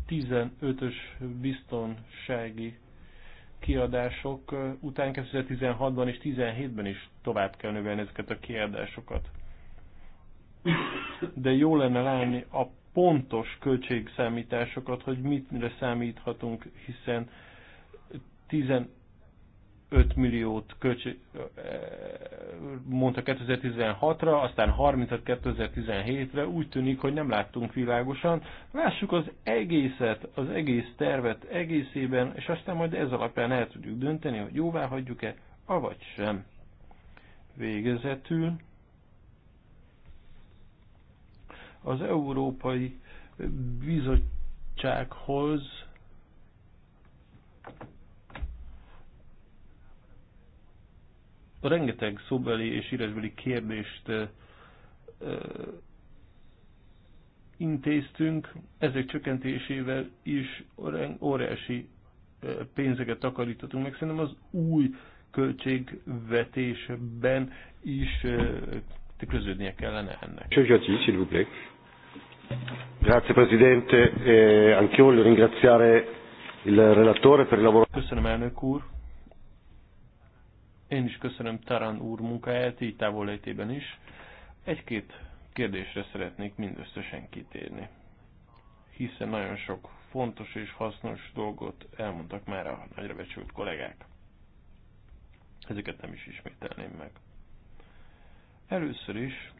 15-ös biztonsági kiadások után 2016-ban és 17-ben is tovább kell növelni ezeket a kiadásokat. De jó lenne látni a pontos költségszámításokat, hogy mitre számíthatunk, hiszen 5 milliót költség, mondta 2016-ra, aztán 30-at 2017-re, úgy tűnik, hogy nem láttunk világosan. Lássuk az egészet, az egész tervet egészében, és aztán majd ez alapján el tudjuk dönteni, hogy jóvá hagyjuk-e, avagy sem. Végezetül az Európai Bizottsághoz rengeteg szóbeli és írásbeli kérdést intéztünk, ezek csökkentésével is óriási pénzeket takarítottunk meg. Szerintem az új költségvetésben is tükröződnie kellene ennek. Csögyati, s'il Grazie Presidente, eh, anch'io voglio ringraziare il relatore per il lavoro. Köszönöm elnök úr. Én is köszönöm Taran úr munkáját, így távol is. Egy-két kérdésre szeretnék mindösszesen kitérni, hiszen nagyon sok fontos és hasznos dolgot elmondtak már a nagyra becsült kollégák. Ezeket nem is ismételném meg. Először is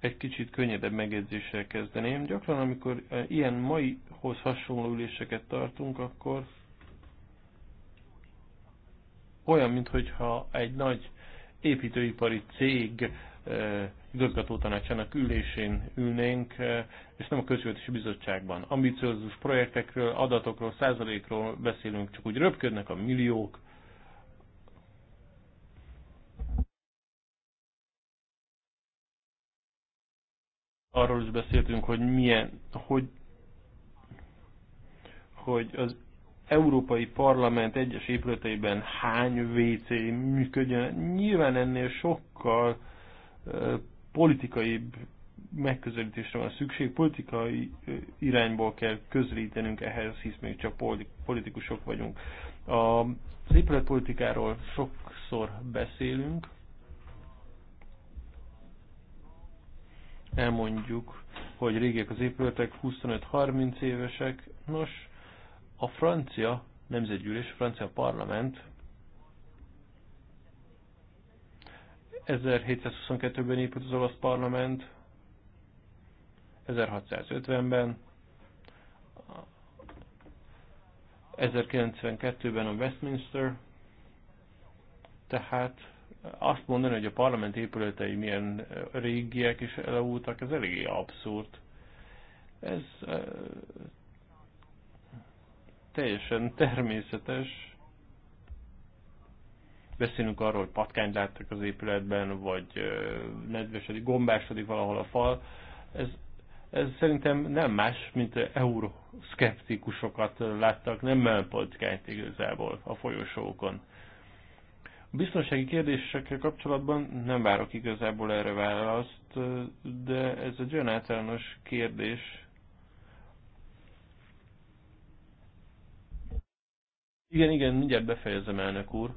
egy kicsit könnyedebb megjegyzéssel kezdeném. Gyakran, amikor eh, ilyen maihoz hasonló üléseket tartunk, akkor olyan, mintha egy nagy építőipari cég eh, igazgató tanácsának ülésén ülnénk, eh, és nem a közvetési Bizottságban. Ambiciózus projektekről, adatokról, százalékról beszélünk, csak úgy röpködnek a milliók. Arról is beszéltünk, hogy milyen, hogy, hogy az Európai Parlament egyes épületeiben hány WC működjön. Nyilván ennél sokkal politikai megközelítésre van szükség, politikai irányból kell közelítenünk ehhez, hisz még csak politikusok vagyunk. Az épületpolitikáról sokszor beszélünk, elmondjuk, hogy régiek az épületek, 25-30 évesek, nos, a francia nemzetgyűlés, a francia parlament 1722-ben épült az olasz parlament, 1650-ben, 1992 ben a Westminster, tehát azt mondani, hogy a parlament épületei milyen régiek és elavultak, ez eléggé abszurd. Ez teljesen természetes. Beszélünk arról, hogy patkányt láttak az épületben, vagy nedvesedik, gombásodik valahol a fal. Ez, ez szerintem nem más, mint euroszkeptikusokat láttak, nem politikányt igazából a folyosókon. A biztonsági kérdésekkel kapcsolatban nem várok igazából erre választ, de ez egy olyan általános kérdés, Igen, igen, mindjárt befejezem, elnök úr.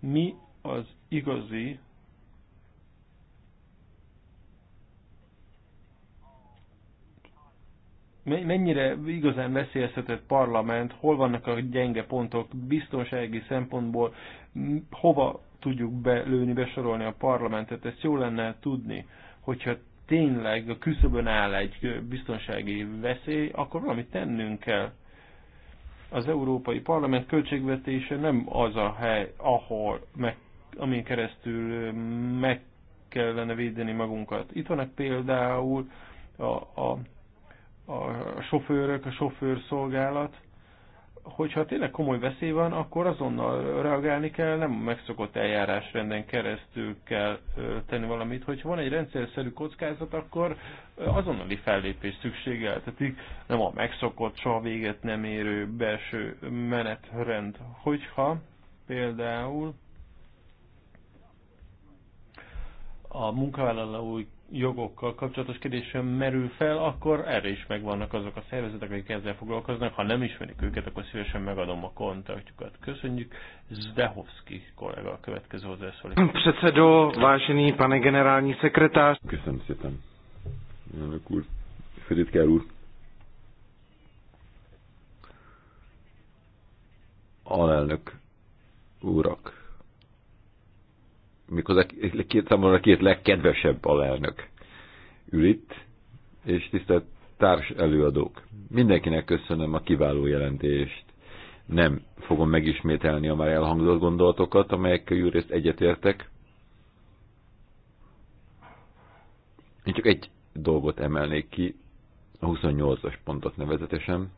Mi az igazi mennyire igazán veszélyeztetett parlament, hol vannak a gyenge pontok biztonsági szempontból, hova tudjuk belőni, besorolni a parlamentet, ezt jó lenne tudni, hogyha tényleg a küszöbön áll egy biztonsági veszély, akkor valamit tennünk kell. Az Európai Parlament költségvetése nem az a hely, ahol meg, amin keresztül meg kellene védeni magunkat. Itt vannak például a, a, a sofőrök, a sofőrszolgálat, hogyha tényleg komoly veszély van, akkor azonnal reagálni kell, nem megszokott eljárásrenden keresztül kell tenni valamit. Hogyha van egy rendszerszerű kockázat, akkor azonnali fellépés szükségeltetik, nem a megszokott, soha véget nem érő belső menetrend. Hogyha például a munkavállalói jogokkal kapcsolatos kérdés sem merül fel, akkor erre is megvannak azok a szervezetek, akik ezzel foglalkoznak. Ha nem ismerik őket, akkor szívesen megadom a kontaktjukat. Köszönjük. Zdehovski kollega a következő hozzászólás. Předsedo, vážený pane generálni sekretár. Köszönöm szépen. Jönök úr, főtitkár úr. Alelnök, úrak, méghozzá e- két, számomra két legkedvesebb alelnök ül itt, és tisztelt társ előadók. Mindenkinek köszönöm a kiváló jelentést. Nem fogom megismételni a már elhangzott gondolatokat, amelyekkel jórészt egyetértek. Én csak egy dolgot emelnék ki, a 28-as pontot nevezetesen,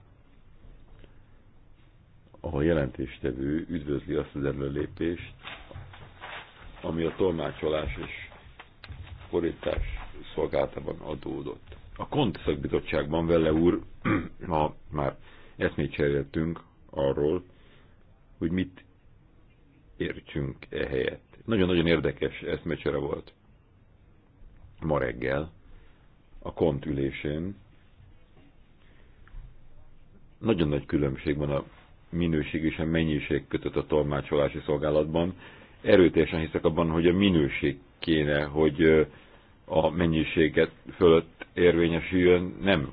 ahol jelentéstevő üdvözli azt az előlépést, ami a tolmácsolás és korítás szolgáltában adódott. A KONT szakbizottságban vele úr, ma már eszmét cseréltünk arról, hogy mit értsünk e helyett. Nagyon-nagyon érdekes eszmecsere volt ma reggel a KONT ülésén. Nagyon nagy különbség van a minőség és a mennyiség kötött a tolmácsolási szolgálatban erőteljesen hiszek abban, hogy a minőség kéne, hogy a mennyiséget fölött érvényesüljön, nem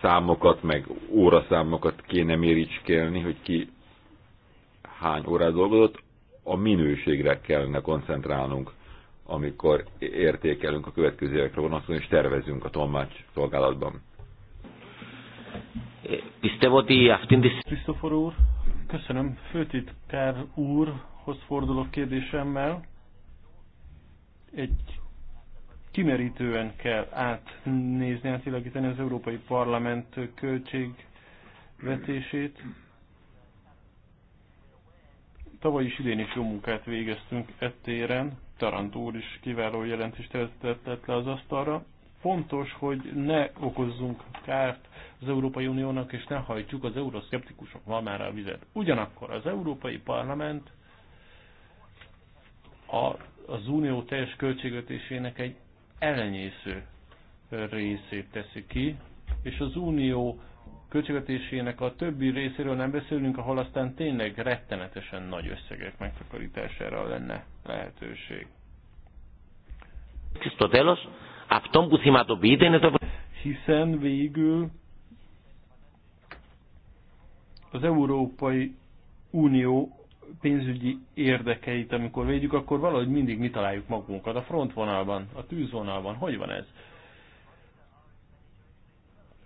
számokat, meg óraszámokat kéne méricskélni, hogy ki hány órát dolgozott, a minőségre kellene koncentrálnunk, amikor értékelünk a következő évekre vonatkozóan, és tervezünk a tolmács szolgálatban. Pisztevoti Krisztofor úr, köszönöm. Főtitkár úr, Hoz fordulok kérdésemmel. Egy kimerítően kell átnézni, átilagítani az Európai Parlament költségvetését. Tavaly is idén is jó munkát végeztünk ettéren. Tarant úr is kiváló jelentést tett le az asztalra. Fontos, hogy ne okozzunk kárt az Európai Uniónak, és ne hajtjuk az euroszkeptikusok már a vizet. Ugyanakkor az Európai Parlament a, az unió teljes költségvetésének egy elenyésző részét teszi ki, és az unió költségvetésének a többi részéről nem beszélünk, ahol aztán tényleg rettenetesen nagy összegek megtakarítására lenne lehetőség. Hiszen végül az Európai Unió pénzügyi érdekeit, amikor védjük, akkor valahogy mindig mi találjuk magunkat a frontvonalban, a tűzvonalban. Hogy van ez?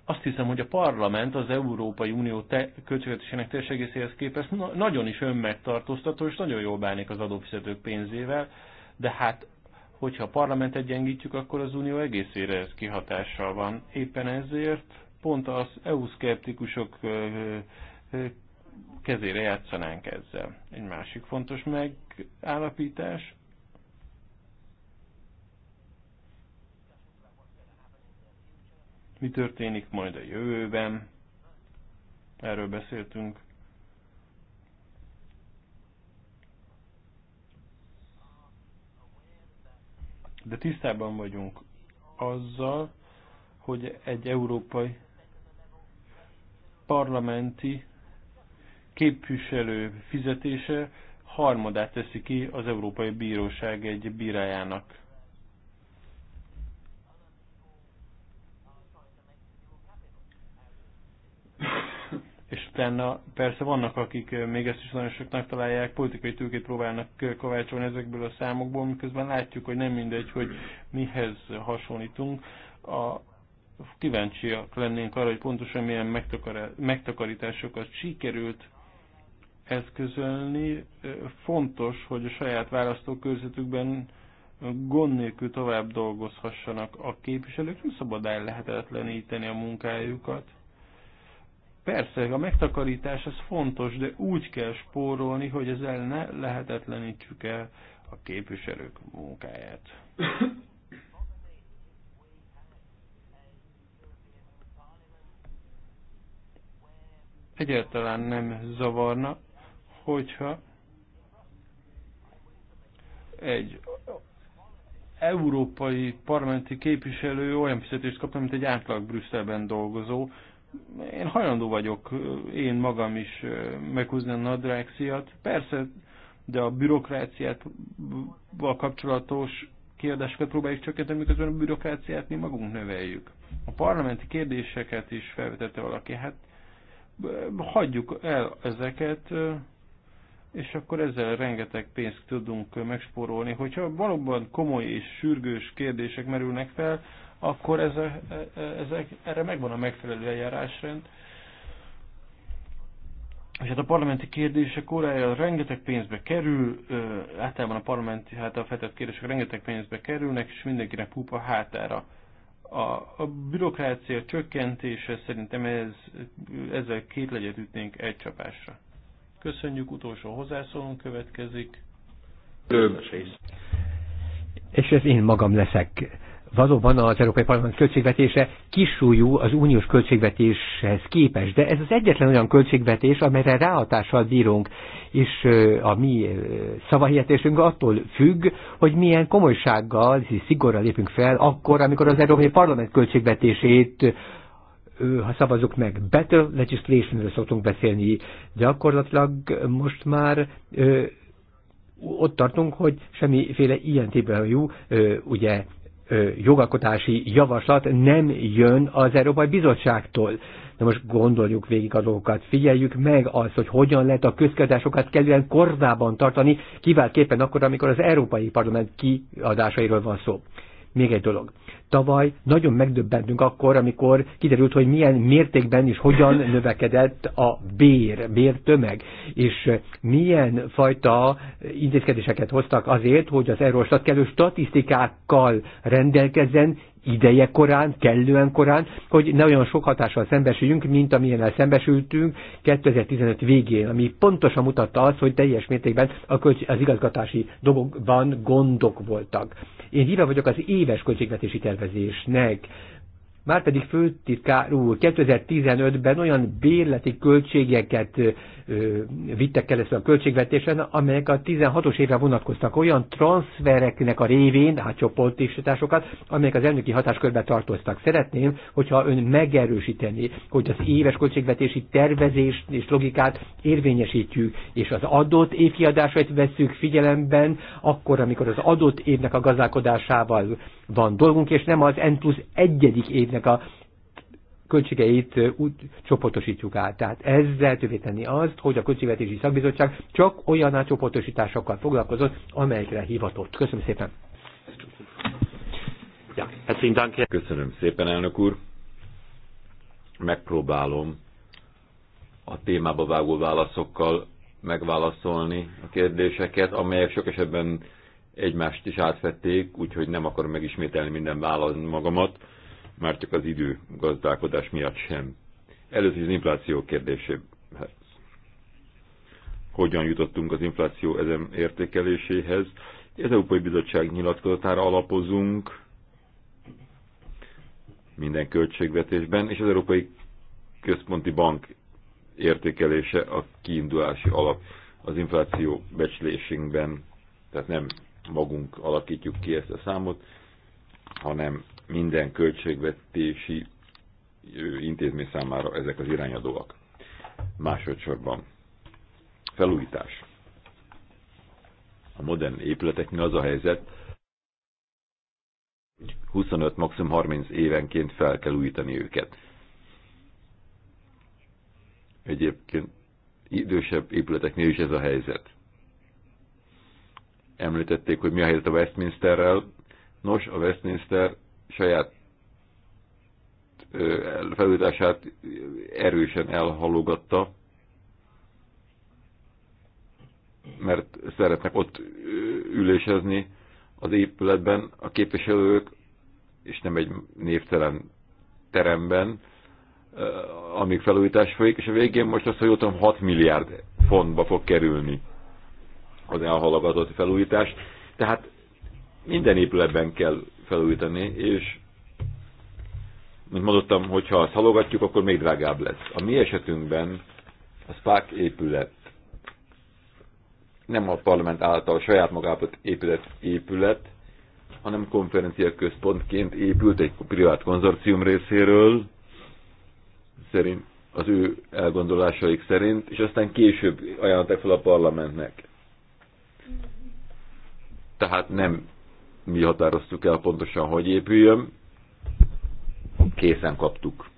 Azt hiszem, hogy a parlament az Európai Unió te költségvetésének teljes egészéhez képest na nagyon is önmegtartóztató, és nagyon jól bánik az adófizetők pénzével, de hát hogyha a parlamentet gyengítjük, akkor az unió egészére ez kihatással van. Éppen ezért pont az EU-szkeptikusok kezére játszanánk ezzel. Egy másik fontos megállapítás, mi történik majd a jövőben, erről beszéltünk. De tisztában vagyunk azzal, hogy egy európai parlamenti képviselő fizetése harmadát teszi ki az Európai Bíróság egy bírájának. És utána persze vannak, akik még ezt is nagyon soknak találják, politikai tőkét próbálnak kovácsolni ezekből a számokból, miközben látjuk, hogy nem mindegy, hogy mihez hasonlítunk. A, kíváncsiak lennénk arra, hogy pontosan milyen megtakarításokat sikerült eszközölni. Fontos, hogy a saját választókörzetükben gond nélkül tovább dolgozhassanak a képviselők, nem szabad lehetetleníteni a munkájukat. Persze, a megtakarítás ez fontos, de úgy kell spórolni, hogy ezzel ne lehetetlenítsük el a képviselők munkáját. Egyáltalán nem zavarna, hogyha egy európai parlamenti képviselő olyan fizetést kapna, mint egy átlag Brüsszelben dolgozó. Én hajlandó vagyok, én magam is meghúzni a nadrágsziat. Persze, de a bürokráciával kapcsolatos kérdéseket próbáljuk csökkenteni, miközben a bürokráciát mi magunk növeljük. A parlamenti kérdéseket is felvetette valaki, hát hagyjuk el ezeket, és akkor ezzel rengeteg pénzt tudunk megspórolni. Hogyha valóban komoly és sürgős kérdések merülnek fel, akkor ezek, ezek, erre megvan a megfelelő eljárásrend. És hát a parlamenti kérdések órája rengeteg pénzbe kerül, általában a parlamenti hát a feltett kérdések rengeteg pénzbe kerülnek, és mindenkinek pupa hátára. A, a bürokrácia csökkentése szerintem ez, ezzel két legyet ütnénk egy csapásra. Köszönjük, utolsó hozzászólónk következik. És ez én magam leszek. Valóban az Európai Parlament költségvetése kisújú az uniós költségvetéshez képes, de ez az egyetlen olyan költségvetés, amelyre ráhatással bírunk, és a mi szavahihetésünk attól függ, hogy milyen komolysággal, szigorral lépünk fel akkor, amikor az Európai Parlament költségvetését ha szavazunk meg, better legislationről szoktunk beszélni, gyakorlatilag most már ö, ott tartunk, hogy semmiféle ilyen típusú ugye jogalkotási javaslat nem jön az Európai Bizottságtól. Na most gondoljuk végig a dolgokat, figyeljük meg azt, hogy hogyan lehet a közkedásokat kellően kordában tartani, kiváltképpen akkor, amikor az Európai Parlament kiadásairól van szó. Még egy dolog. Tavaly nagyon megdöbbentünk akkor, amikor kiderült, hogy milyen mértékben és hogyan növekedett a bér, bértömeg, és milyen fajta intézkedéseket hoztak azért, hogy az Eurostat kellő statisztikákkal rendelkezzen, ideje korán, kellően korán, hogy ne olyan sok hatással szembesüljünk, mint amilyennel szembesültünk 2015 végén, ami pontosan mutatta azt, hogy teljes mértékben az igazgatási dolgokban gondok voltak. Én híve vagyok az éves költségvetési tervezésnek, Márpedig főtitkár úr 2015-ben olyan bérleti költségeket ö, vittek keresztül a költségvetésen, amelyek a 16-os évre vonatkoztak olyan transfereknek a révén, hát csoportisításokat, amelyek az elnöki hatáskörbe tartoztak. Szeretném, hogyha ön megerősíteni, hogy az éves költségvetési tervezést és logikát érvényesítjük, és az adott évkiadásait veszük figyelemben, akkor, amikor az adott évnek a gazdálkodásával van dolgunk, és nem az N plusz egyedik évnek ezeknek a költségeit úgy csoportosítjuk át. Tehát ezzel tenni azt, hogy a Költségvetési Szakbizottság csak olyan csoportosításokkal foglalkozott, amelyekre hivatott. Köszönöm szépen! Hát Köszönöm szépen, elnök úr! Megpróbálom a témába vágó válaszokkal megválaszolni a kérdéseket, amelyek sok esetben egymást is átvették, úgyhogy nem akarom megismételni minden választ magamat már csak az idő gazdálkodás miatt sem. Először az infláció kérdéséhez. Hát, hogyan jutottunk az infláció ezen értékeléséhez? Az Európai Bizottság nyilatkozatára alapozunk minden költségvetésben, és az Európai Központi Bank értékelése a kiindulási alap az infláció becslésünkben, tehát nem magunk alakítjuk ki ezt a számot, hanem minden költségvetési intézmény számára ezek az irányadóak. Másodszorban felújítás. A modern épületeknél az a helyzet, hogy 25, maximum 30 évenként fel kell újítani őket. Egyébként idősebb épületeknél is ez a helyzet. Említették, hogy mi a helyzet a Westminsterrel. Nos, a Westminster saját felújítását erősen elhalogatta, mert szeretnek ott ülésezni az épületben a képviselők, és nem egy névtelen teremben, amíg felújítás folyik, és a végén most azt, hogy 6 milliárd fontba fog kerülni az elhalagatott felújítás. Tehát minden épületben kell felújítani, és mint mondottam, hogyha azt halogatjuk, akkor még drágább lesz. A mi esetünkben a SPAC épület nem a parlament által a saját magát épület épület, hanem konferencia központként épült egy privát konzorcium részéről, szerint az ő elgondolásaik szerint, és aztán később ajánlották fel a parlamentnek. Tehát nem mi határoztuk el pontosan, hogy épüljön. Készen kaptuk.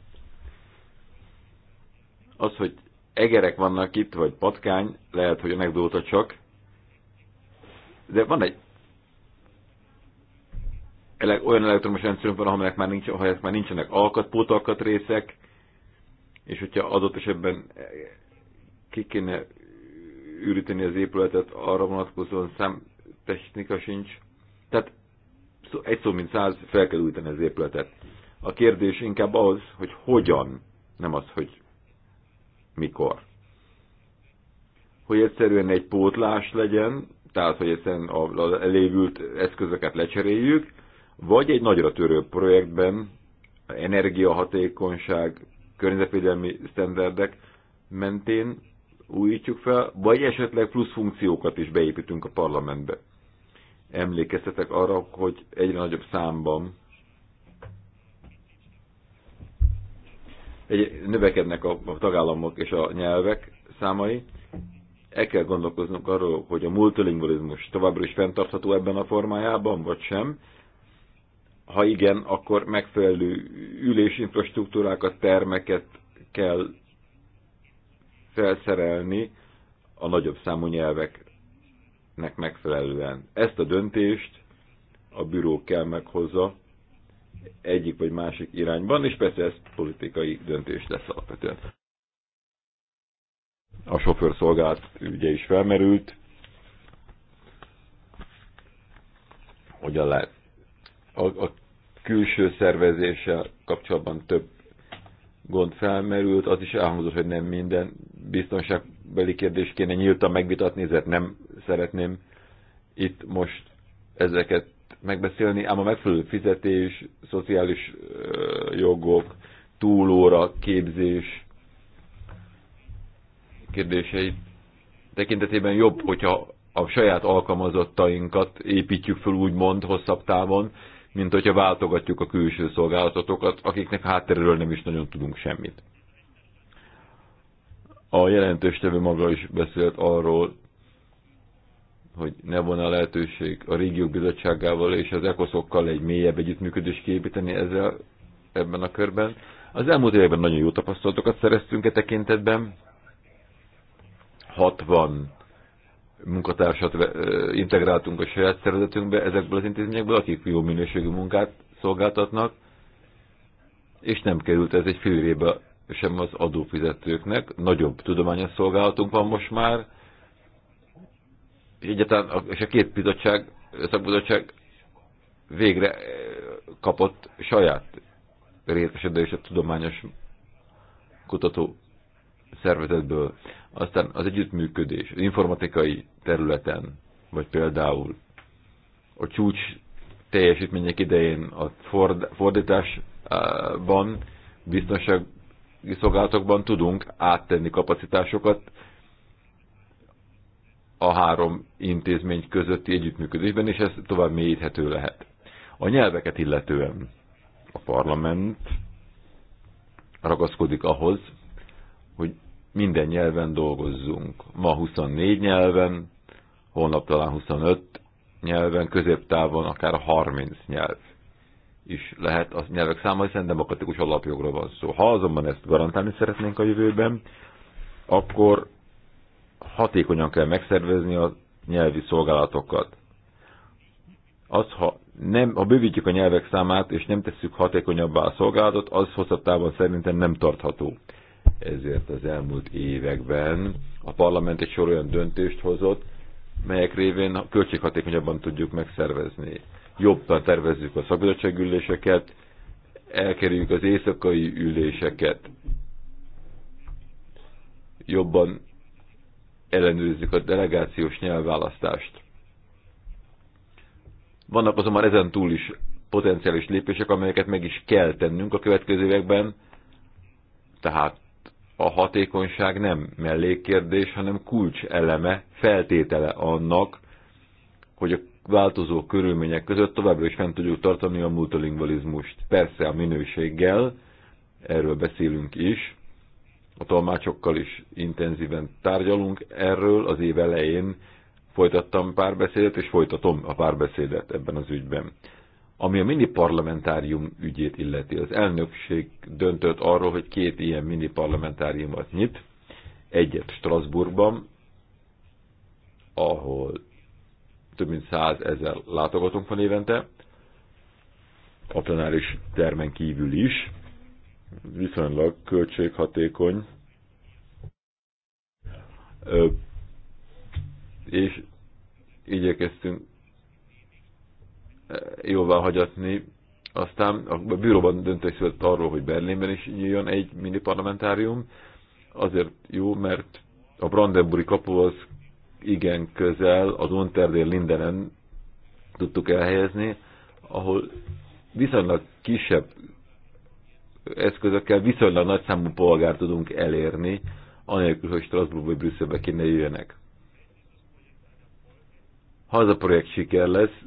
Az, hogy egerek vannak itt, vagy patkány, lehet, hogy anekdóta csak, de van egy olyan elektromos rendszerünk van, amelyek már, nincs, ha már nincsenek alkat részek, és hogyha adott esetben ki kéne üríteni az épületet, arra vonatkozóan technika sincs, egy szó mint száz fel kell újítani az épületet. A kérdés inkább az, hogy hogyan, nem az, hogy mikor. Hogy egyszerűen egy pótlás legyen, tehát hogy egyszerűen a elévült eszközöket lecseréljük, vagy egy nagyra törő projektben energiahatékonyság, környezetvédelmi sztenderdek mentén újítjuk fel, vagy esetleg plusz funkciókat is beépítünk a parlamentbe emlékeztetek arra, hogy egyre nagyobb számban egy, növekednek a, a tagállamok és a nyelvek számai. El kell gondolkoznunk arról, hogy a multilingualizmus továbbra is fenntartható ebben a formájában, vagy sem. Ha igen, akkor megfelelő ülésinfrastruktúrákat, termeket kell felszerelni a nagyobb számú nyelvek nek megfelelően. Ezt a döntést a büró kell meghozza egyik vagy másik irányban, és persze ez politikai döntés lesz alapvetően. A sofőrszolgált ügye is felmerült, hogyan lehet a, a külső szervezéssel kapcsolatban több gond felmerült, az is elhangzott, hogy nem minden biztonságbeli kérdés kéne nyíltan megvitatni, ezért nem szeretném itt most ezeket megbeszélni, ám a megfelelő fizetés, szociális jogok, túlóra, képzés kérdéseit tekintetében jobb, hogyha a saját alkalmazottainkat építjük fel úgymond hosszabb távon, mint hogyha váltogatjuk a külső szolgálatokat, akiknek hátterről nem is nagyon tudunk semmit. A jelentős tevő maga is beszélt arról, hogy ne volna lehetőség a régiók bizottságával és az ekoszokkal egy mélyebb együttműködés kiépíteni ezzel ebben a körben. Az elmúlt években nagyon jó tapasztalatokat szereztünk e tekintetben. 60 munkatársat integráltunk a saját szervezetünkbe ezekből az intézményekből, akik jó minőségű munkát szolgáltatnak, és nem került ez egy fillébe sem az adófizetőknek. Nagyobb tudományos szolgálatunk van most már, egyáltalán, és a két bizottság, a szakbizottság végre kapott saját részesedést a tudományos kutató szervezetből. Aztán az együttműködés, az informatikai területen, vagy például a csúcs teljesítmények idején a fordításban, biztonsági szolgálatokban tudunk áttenni kapacitásokat a három intézmény közötti együttműködésben, és ez tovább mélyíthető lehet. A nyelveket illetően a parlament ragaszkodik ahhoz, hogy minden nyelven dolgozzunk. Ma 24 nyelven holnap talán 25 nyelven, középtávon akár 30 nyelv is lehet a nyelvek száma, hiszen demokratikus alapjogról van szó. Ha azonban ezt garantálni szeretnénk a jövőben, akkor hatékonyan kell megszervezni a nyelvi szolgálatokat. Az, ha, nem, ha bővítjük a nyelvek számát, és nem tesszük hatékonyabbá a szolgálatot, az hosszabb távon szerintem nem tartható. Ezért az elmúlt években a parlament egy sor olyan döntést hozott, melyek révén költséghatékonyabban tudjuk megszervezni. Jobban tervezzük a üléseket, elkerüljük az éjszakai üléseket, jobban ellenőrizzük a delegációs nyelvválasztást. Vannak azonban ezen túl is potenciális lépések, amelyeket meg is kell tennünk a következő években, tehát a hatékonyság nem mellékkérdés, hanem kulcs eleme, feltétele annak, hogy a változó körülmények között továbbra is fent tudjuk tartani a multilingualizmust. Persze a minőséggel, erről beszélünk is, a tolmácsokkal is intenzíven tárgyalunk erről. Az év elején folytattam párbeszédet, és folytatom a párbeszédet ebben az ügyben. Ami a mini parlamentárium ügyét illeti, az elnökség döntött arról, hogy két ilyen mini parlamentáriumot nyit, egyet Strasbourgban, ahol több mint ezer látogatónk van évente, a plenáris termen kívül is, viszonylag költséghatékony, és igyekeztünk jóvá hagyatni. Aztán a bíróban döntés született arról, hogy Berlinben is nyíljon egy mini parlamentárium. Azért jó, mert a Brandenburgi kapu az igen közel, az Unterdél Lindenen tudtuk elhelyezni, ahol viszonylag kisebb eszközökkel viszonylag nagy számú polgárt tudunk elérni, anélkül, hogy Strasbourg vagy Brüsszelbe kéne jöjjenek. Ha az a projekt siker lesz,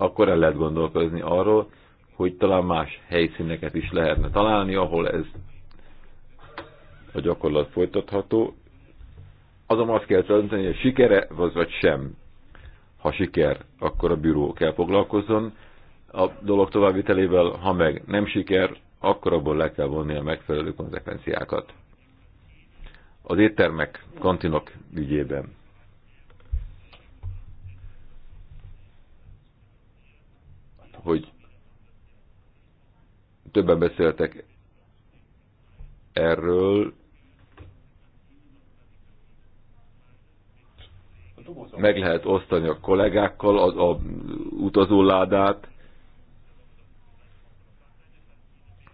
akkor el lehet gondolkozni arról, hogy talán más helyszíneket is lehetne találni, ahol ez a gyakorlat folytatható. Azon azt kell dönteni, hogy sikere az vagy sem. Ha siker, akkor a büró kell foglalkozzon a dolog továbbvitelével, ha meg nem siker, akkor abból le kell vonni a megfelelő konzekvenciákat. Az éttermek, kantinok ügyében hogy többen beszéltek erről. Meg lehet osztani a kollégákkal az a utazóládát.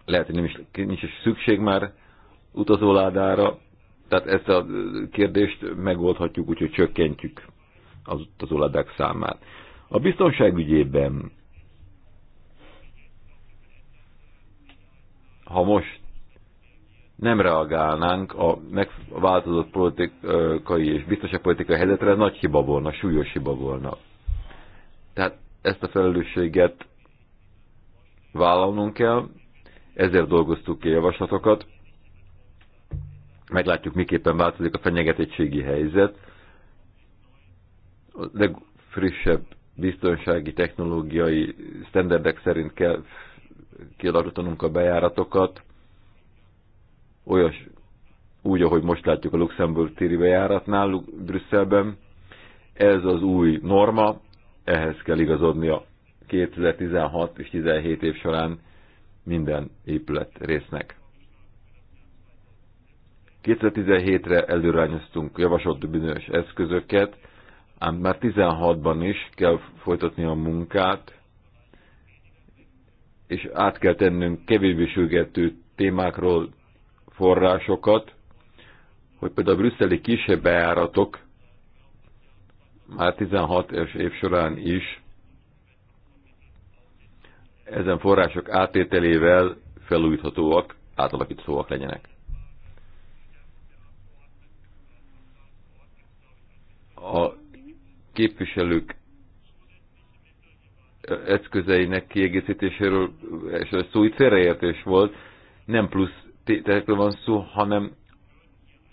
Lehet, hogy nem is, nincs is szükség már utazóládára. Tehát ezt a kérdést megoldhatjuk, úgyhogy csökkentjük az utazóládák számát. A biztonság ügyében ha most nem reagálnánk a megváltozott politikai és politikai helyzetre, ez nagy hiba volna, súlyos hiba volna. Tehát ezt a felelősséget vállalnunk kell, ezért dolgoztuk ki javaslatokat, meglátjuk, miképpen változik a fenyegetettségi helyzet. A legfrissebb biztonsági technológiai sztenderdek szerint kell kialakítanunk a bejáratokat, olyas, úgy, ahogy most látjuk a Luxemburg téri bejáratnál Brüsszelben. Ez az új norma, ehhez kell igazodni a 2016 és 17 év során minden épület résznek. 2017-re előrányoztunk, javasolt bizonyos eszközöket, ám már 16-ban is kell folytatni a munkát, és át kell tennünk kevésbé sürgető témákról forrásokat, hogy például a brüsszeli kisebb beáratok már 16 év során is ezen források átételével felújíthatóak, átalakíthatóak legyenek. A képviselők eszközeinek kiegészítéséről és a szó itt félreértés volt, nem plusz tételekről van szó, hanem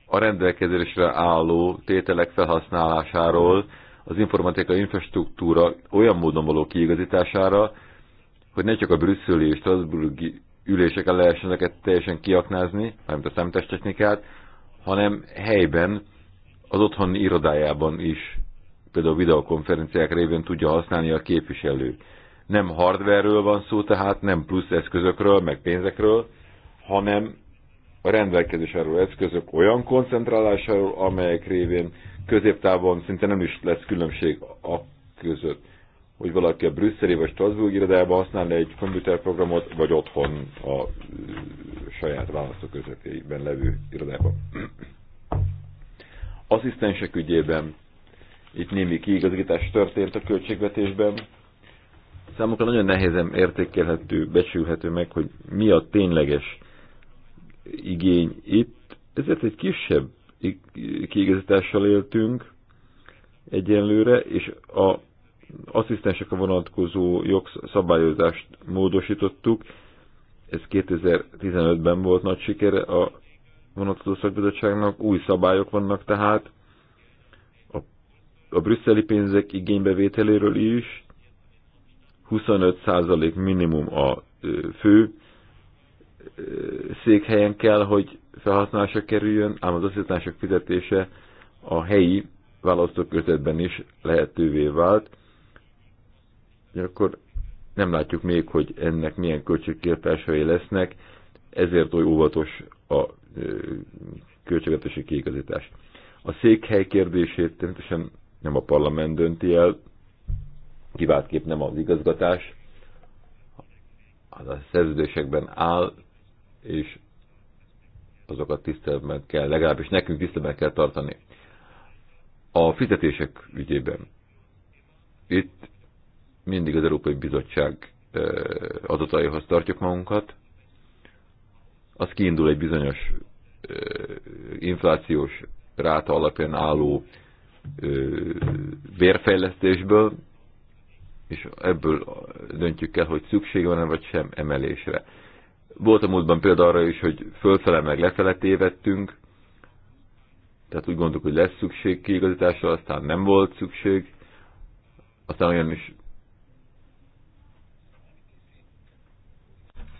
a rendelkezésre álló tételek felhasználásáról, az informatikai infrastruktúra olyan módon való kiigazítására, hogy ne csak a brüsszeli és strasburgi üléseken lehessen ezeket teljesen kiaknázni, mármint a számítástechnikát, hanem helyben, az otthoni irodájában is például videokonferenciák révén tudja használni a képviselő. Nem hardverről van szó, tehát nem plusz eszközökről, meg pénzekről, hanem a rendelkezés álló eszközök olyan koncentrálásáról, amelyek révén középtávon szinte nem is lesz különbség a között, hogy valaki a brüsszeli vagy Strasbourg irodájában használni egy komputerprogramot, vagy otthon a saját választó közvetében levő irodában. Asszisztensek ügyében itt némi kiigazítás történt a költségvetésben. Számukra nagyon nehézem értékelhető, becsülhető meg, hogy mi a tényleges igény itt. Ezért egy kisebb kiigazítással éltünk egyenlőre, és a asszisztensekre vonatkozó jogszabályozást módosítottuk. Ez 2015-ben volt nagy sikere a vonatkozó szakbizottságnak. Új szabályok vannak tehát, a brüsszeli pénzek igénybevételéről is, 25% minimum a fő székhelyen kell, hogy felhasználásra kerüljön, ám az asszisztensek fizetése a helyi választókörzetben is lehetővé vált. Akkor nem látjuk még, hogy ennek milyen költségkértásai lesznek, ezért oly óvatos a költségvetési kiigazítás. A székhely kérdését természetesen nem a parlament dönti el, kiváltképp nem az igazgatás, az a szerződésekben áll, és azokat tiszteletben kell, legalábbis nekünk tiszteletben kell tartani. A fizetések ügyében itt mindig az Európai Bizottság adataihoz tartjuk magunkat, az kiindul egy bizonyos inflációs ráta alapján álló vérfejlesztésből, és ebből döntjük el, hogy szükség van-e vagy sem emelésre. Volt a múltban példa arra is, hogy fölfele meg lefele tévedtünk, tehát úgy gondoltuk, hogy lesz szükség kiigazításra, aztán nem volt szükség, aztán olyan is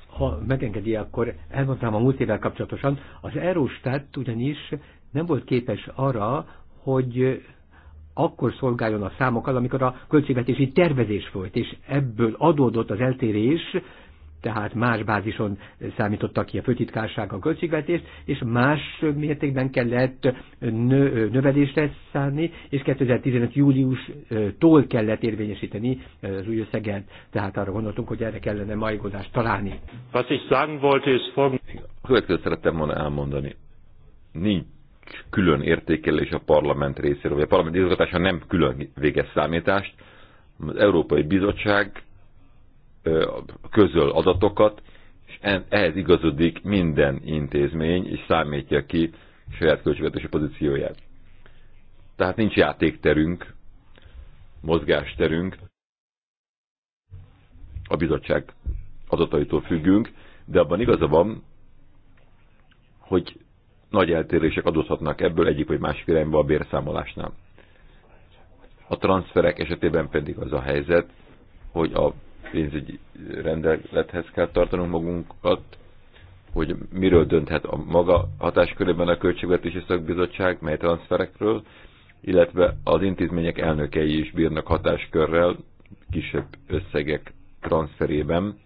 ha megengedi, akkor elmondtam a múlt évvel kapcsolatosan, az Eurostat ugyanis nem volt képes arra, hogy akkor szolgáljon a számokkal, amikor a költségvetési tervezés folyt, és ebből adódott az eltérés, tehát más bázison számítottak ki a főtitkárság a költségvetést, és más mértékben kellett növelésre szállni, és 2015. júliustól kellett érvényesíteni az új összeget, tehát arra gondoltunk, hogy erre kellene majgódást találni. Was ich sagen wollte, ist folgendes. Következőt szerettem volna elmondani. Nincs külön értékelés a parlament részéről, vagy a parlament igazgatása nem külön végez számítást. Az Európai Bizottság közöl adatokat, és ehhez igazodik minden intézmény, és számítja ki saját költségvetési pozícióját. Tehát nincs játékterünk, mozgásterünk, a bizottság adataitól függünk, de abban igaza van, hogy nagy eltérések adódhatnak ebből egyik vagy másik irányba a bérszámolásnál. A transferek esetében pedig az a helyzet, hogy a pénzügyi rendelethez kell tartanunk magunkat, hogy miről dönthet a maga hatáskörében a Költségvetési Szakbizottság, mely transferekről, illetve az intézmények elnökei is bírnak hatáskörrel kisebb összegek transferében,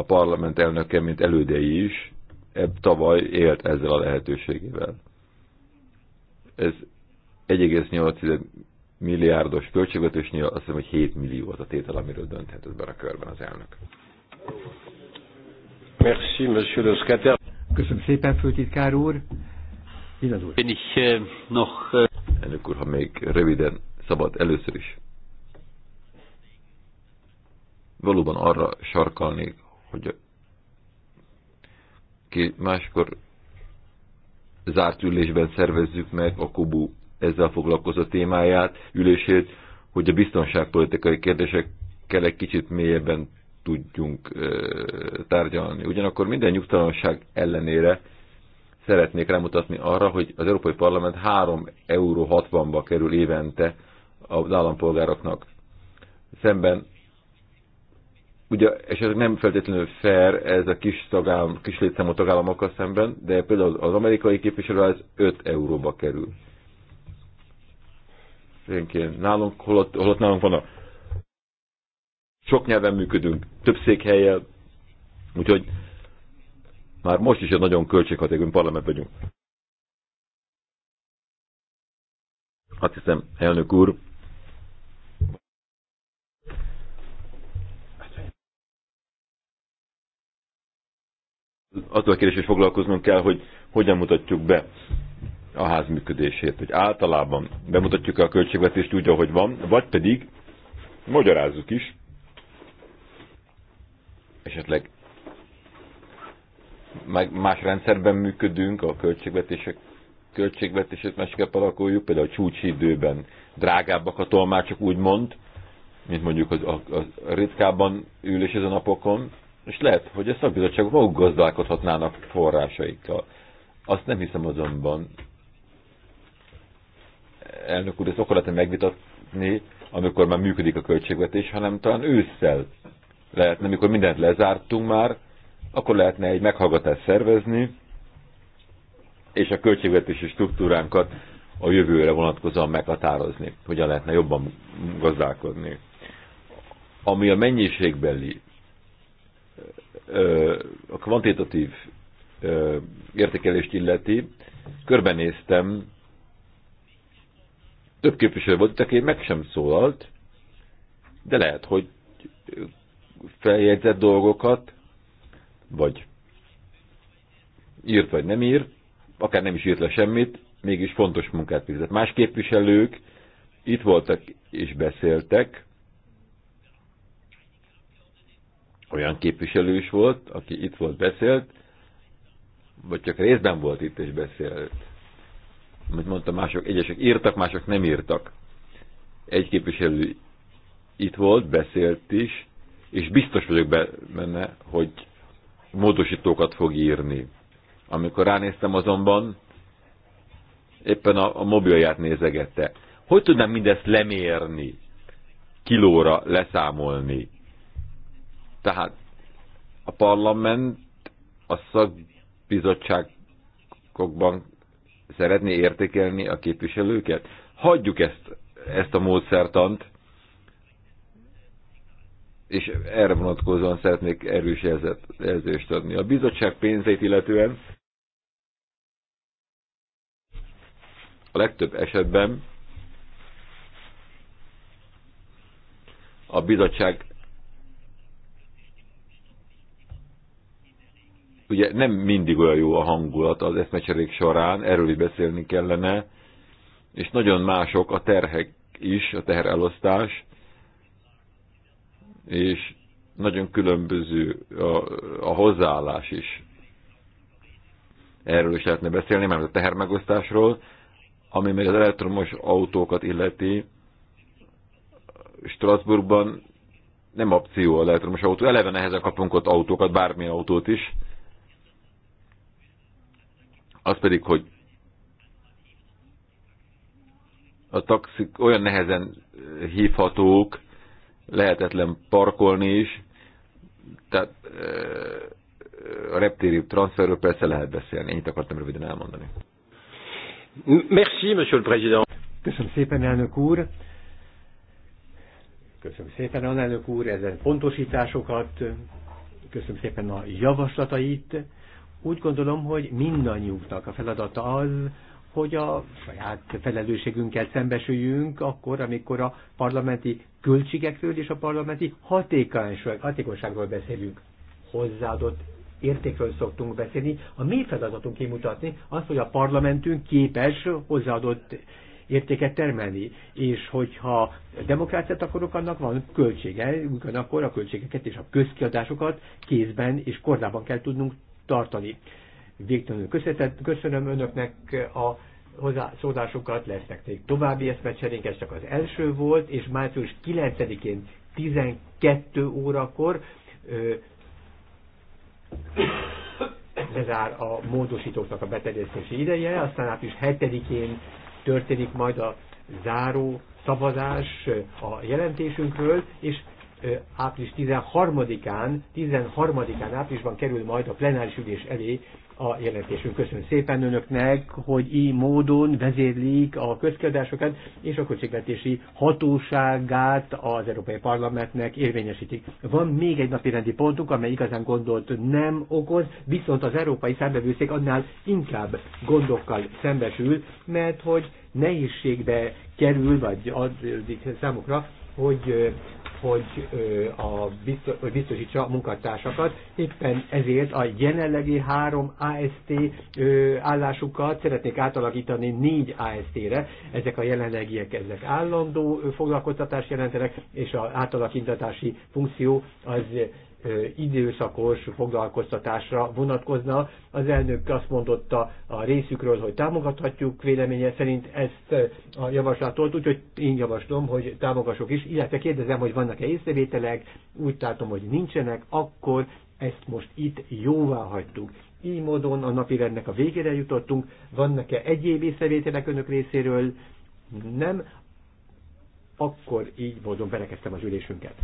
a parlament elnöke, mint elődei is, ebb tavaly élt ezzel a lehetőségével. Ez 1,8 milliárdos költségvetésnél azt hiszem, hogy 7 millió az a tétel, amiről dönthet ebben a körben az elnök. Merci, monsieur le secrétaire. Köszönöm szépen, főtitkár úr. Vilasz úr. Én is, eh, noch... Eh... Elnök úr, ha még röviden szabad, először is valóban arra sarkalnék, hogy ki máskor zárt ülésben szervezzük meg a kubu ezzel foglalkozó témáját, ülését, hogy a biztonságpolitikai kérdésekkel egy kicsit mélyebben tudjunk tárgyalni. Ugyanakkor minden nyugtalanság ellenére szeretnék rámutatni arra, hogy az Európai Parlament 3 euró 60-ba kerül évente az állampolgároknak. Szemben Ugye és ez nem feltétlenül fair ez a kis, tagállam, kis létszámú tagállamokkal szemben, de például az amerikai képviselő az 5 euróba kerül. Énként nálunk, holott, holott nálunk van a sok nyelven működünk, több székhelyen, úgyhogy már most is egy nagyon költséghatékony parlament vagyunk. Azt hiszem, elnök úr, azzal a kérdés is foglalkoznunk kell, hogy hogyan mutatjuk be a ház működését, hogy általában bemutatjuk -e a költségvetést úgy, ahogy van, vagy pedig magyarázzuk is, esetleg más rendszerben működünk, a költségvetések költségvetését másképp alakuljuk, például a csúcsidőben drágábbak a tolmácsok úgymond, mint mondjuk az, a, a ritkábban ülés ezen a napokon, és lehet, hogy a szakbizottságok maguk gazdálkodhatnának forrásaikkal. Azt nem hiszem azonban, elnök úr, ezt akkor lehetne megvitatni, amikor már működik a költségvetés, hanem talán ősszel lehetne, amikor mindent lezártunk már, akkor lehetne egy meghallgatást szervezni, és a költségvetési struktúránkat a jövőre vonatkozóan meghatározni, hogyan lehetne jobban gazdálkodni. Ami a mennyiségbeli a kvantitatív értékelést illeti, körbenéztem, több képviselő volt, aki meg sem szólalt, de lehet, hogy feljegyzett dolgokat, vagy írt, vagy nem írt, akár nem is írt le semmit, mégis fontos munkát végzett. Más képviselők itt voltak és beszéltek, olyan képviselő is volt, aki itt volt, beszélt, vagy csak részben volt itt és beszélt. Mint mondtam, mások, egyesek írtak, mások nem írtak. Egy képviselő itt volt, beszélt is, és biztos vagyok benne, hogy módosítókat fog írni. Amikor ránéztem azonban, éppen a, a mobilját nézegette. Hogy tudnám mindezt lemérni, kilóra leszámolni? Tehát a parlament a szakbizottságokban szeretné értékelni a képviselőket? Hagyjuk ezt, ezt a módszertant, és erre vonatkozóan szeretnék erős jelzést adni. A bizottság pénzét illetően a legtöbb esetben a bizottság ugye nem mindig olyan jó a hangulat az eszmecserék során, erről is beszélni kellene, és nagyon mások a terhek is, a teherelosztás, és nagyon különböző a, a hozzáállás is. Erről is lehetne beszélni, mert a tehermegosztásról, ami még az elektromos autókat illeti, Strasbourgban nem opció a elektromos autó. Eleve nehezen kapunk ott autókat, bármilyen autót is, az pedig, hogy a taxik olyan nehezen eh, hívhatók, lehetetlen parkolni is, tehát eh, a reptéri transferről persze lehet beszélni. Ennyit akartam röviden elmondani. Merci, monsieur le président. Köszönöm szépen, elnök úr. Köszönöm szépen, elnök úr, ezen pontosításokat. Köszönöm szépen a javaslatait. Úgy gondolom, hogy mindannyiunknak a feladata az, hogy a saját felelősségünkkel szembesüljünk akkor, amikor a parlamenti költségekről és a parlamenti hatékonyság, hatékonyságról beszélünk. Hozzáadott értékről szoktunk beszélni. A mi feladatunk kimutatni az, hogy a parlamentünk képes hozzáadott értéket termelni, és hogyha demokráciát akarok, annak van költsége, ugyanakkor a költségeket és a közkiadásokat kézben és kordában kell tudnunk tartani. Végtelenül köszönöm önöknek a hozzászólásokat, lesznek még további eszmecserénk, ez csak az első volt, és március 9-én 12 órakor ö, lezár a módosítóknak a beterjesztési ideje, aztán április 7-én történik majd a záró szavazás a jelentésünkről, és április 13-án, 13-án áprilisban kerül majd a plenáris ülés elé a jelentésünk. Köszönöm szépen önöknek, hogy így módon vezérlik a közkiadásokat, és a költségvetési hatóságát az Európai Parlamentnek érvényesítik. Van még egy napi rendi pontunk, amely igazán gondolt nem okoz, viszont az Európai Szembevőszék annál inkább gondokkal szembesül, mert hogy nehézségbe kerül, vagy adik számukra, hogy hogy, a biztosítsa a munkatársakat. Éppen ezért a jelenlegi három AST állásukat szeretnék átalakítani négy AST-re. Ezek a jelenlegiek, ezek állandó foglalkoztatást jelentenek, és az átalakítatási funkció az időszakos foglalkoztatásra vonatkozna. Az elnök azt mondotta a részükről, hogy támogathatjuk véleménye szerint ezt a javaslatot, úgyhogy én javaslom, hogy támogassuk is, illetve kérdezem, hogy vannak-e észrevételek, úgy látom, hogy nincsenek, akkor ezt most itt jóvá hagytuk. Így módon a napirendnek a végére jutottunk. Vannak-e egyéb észrevételek önök részéről? Nem. Akkor így módon berekeztem az ülésünket.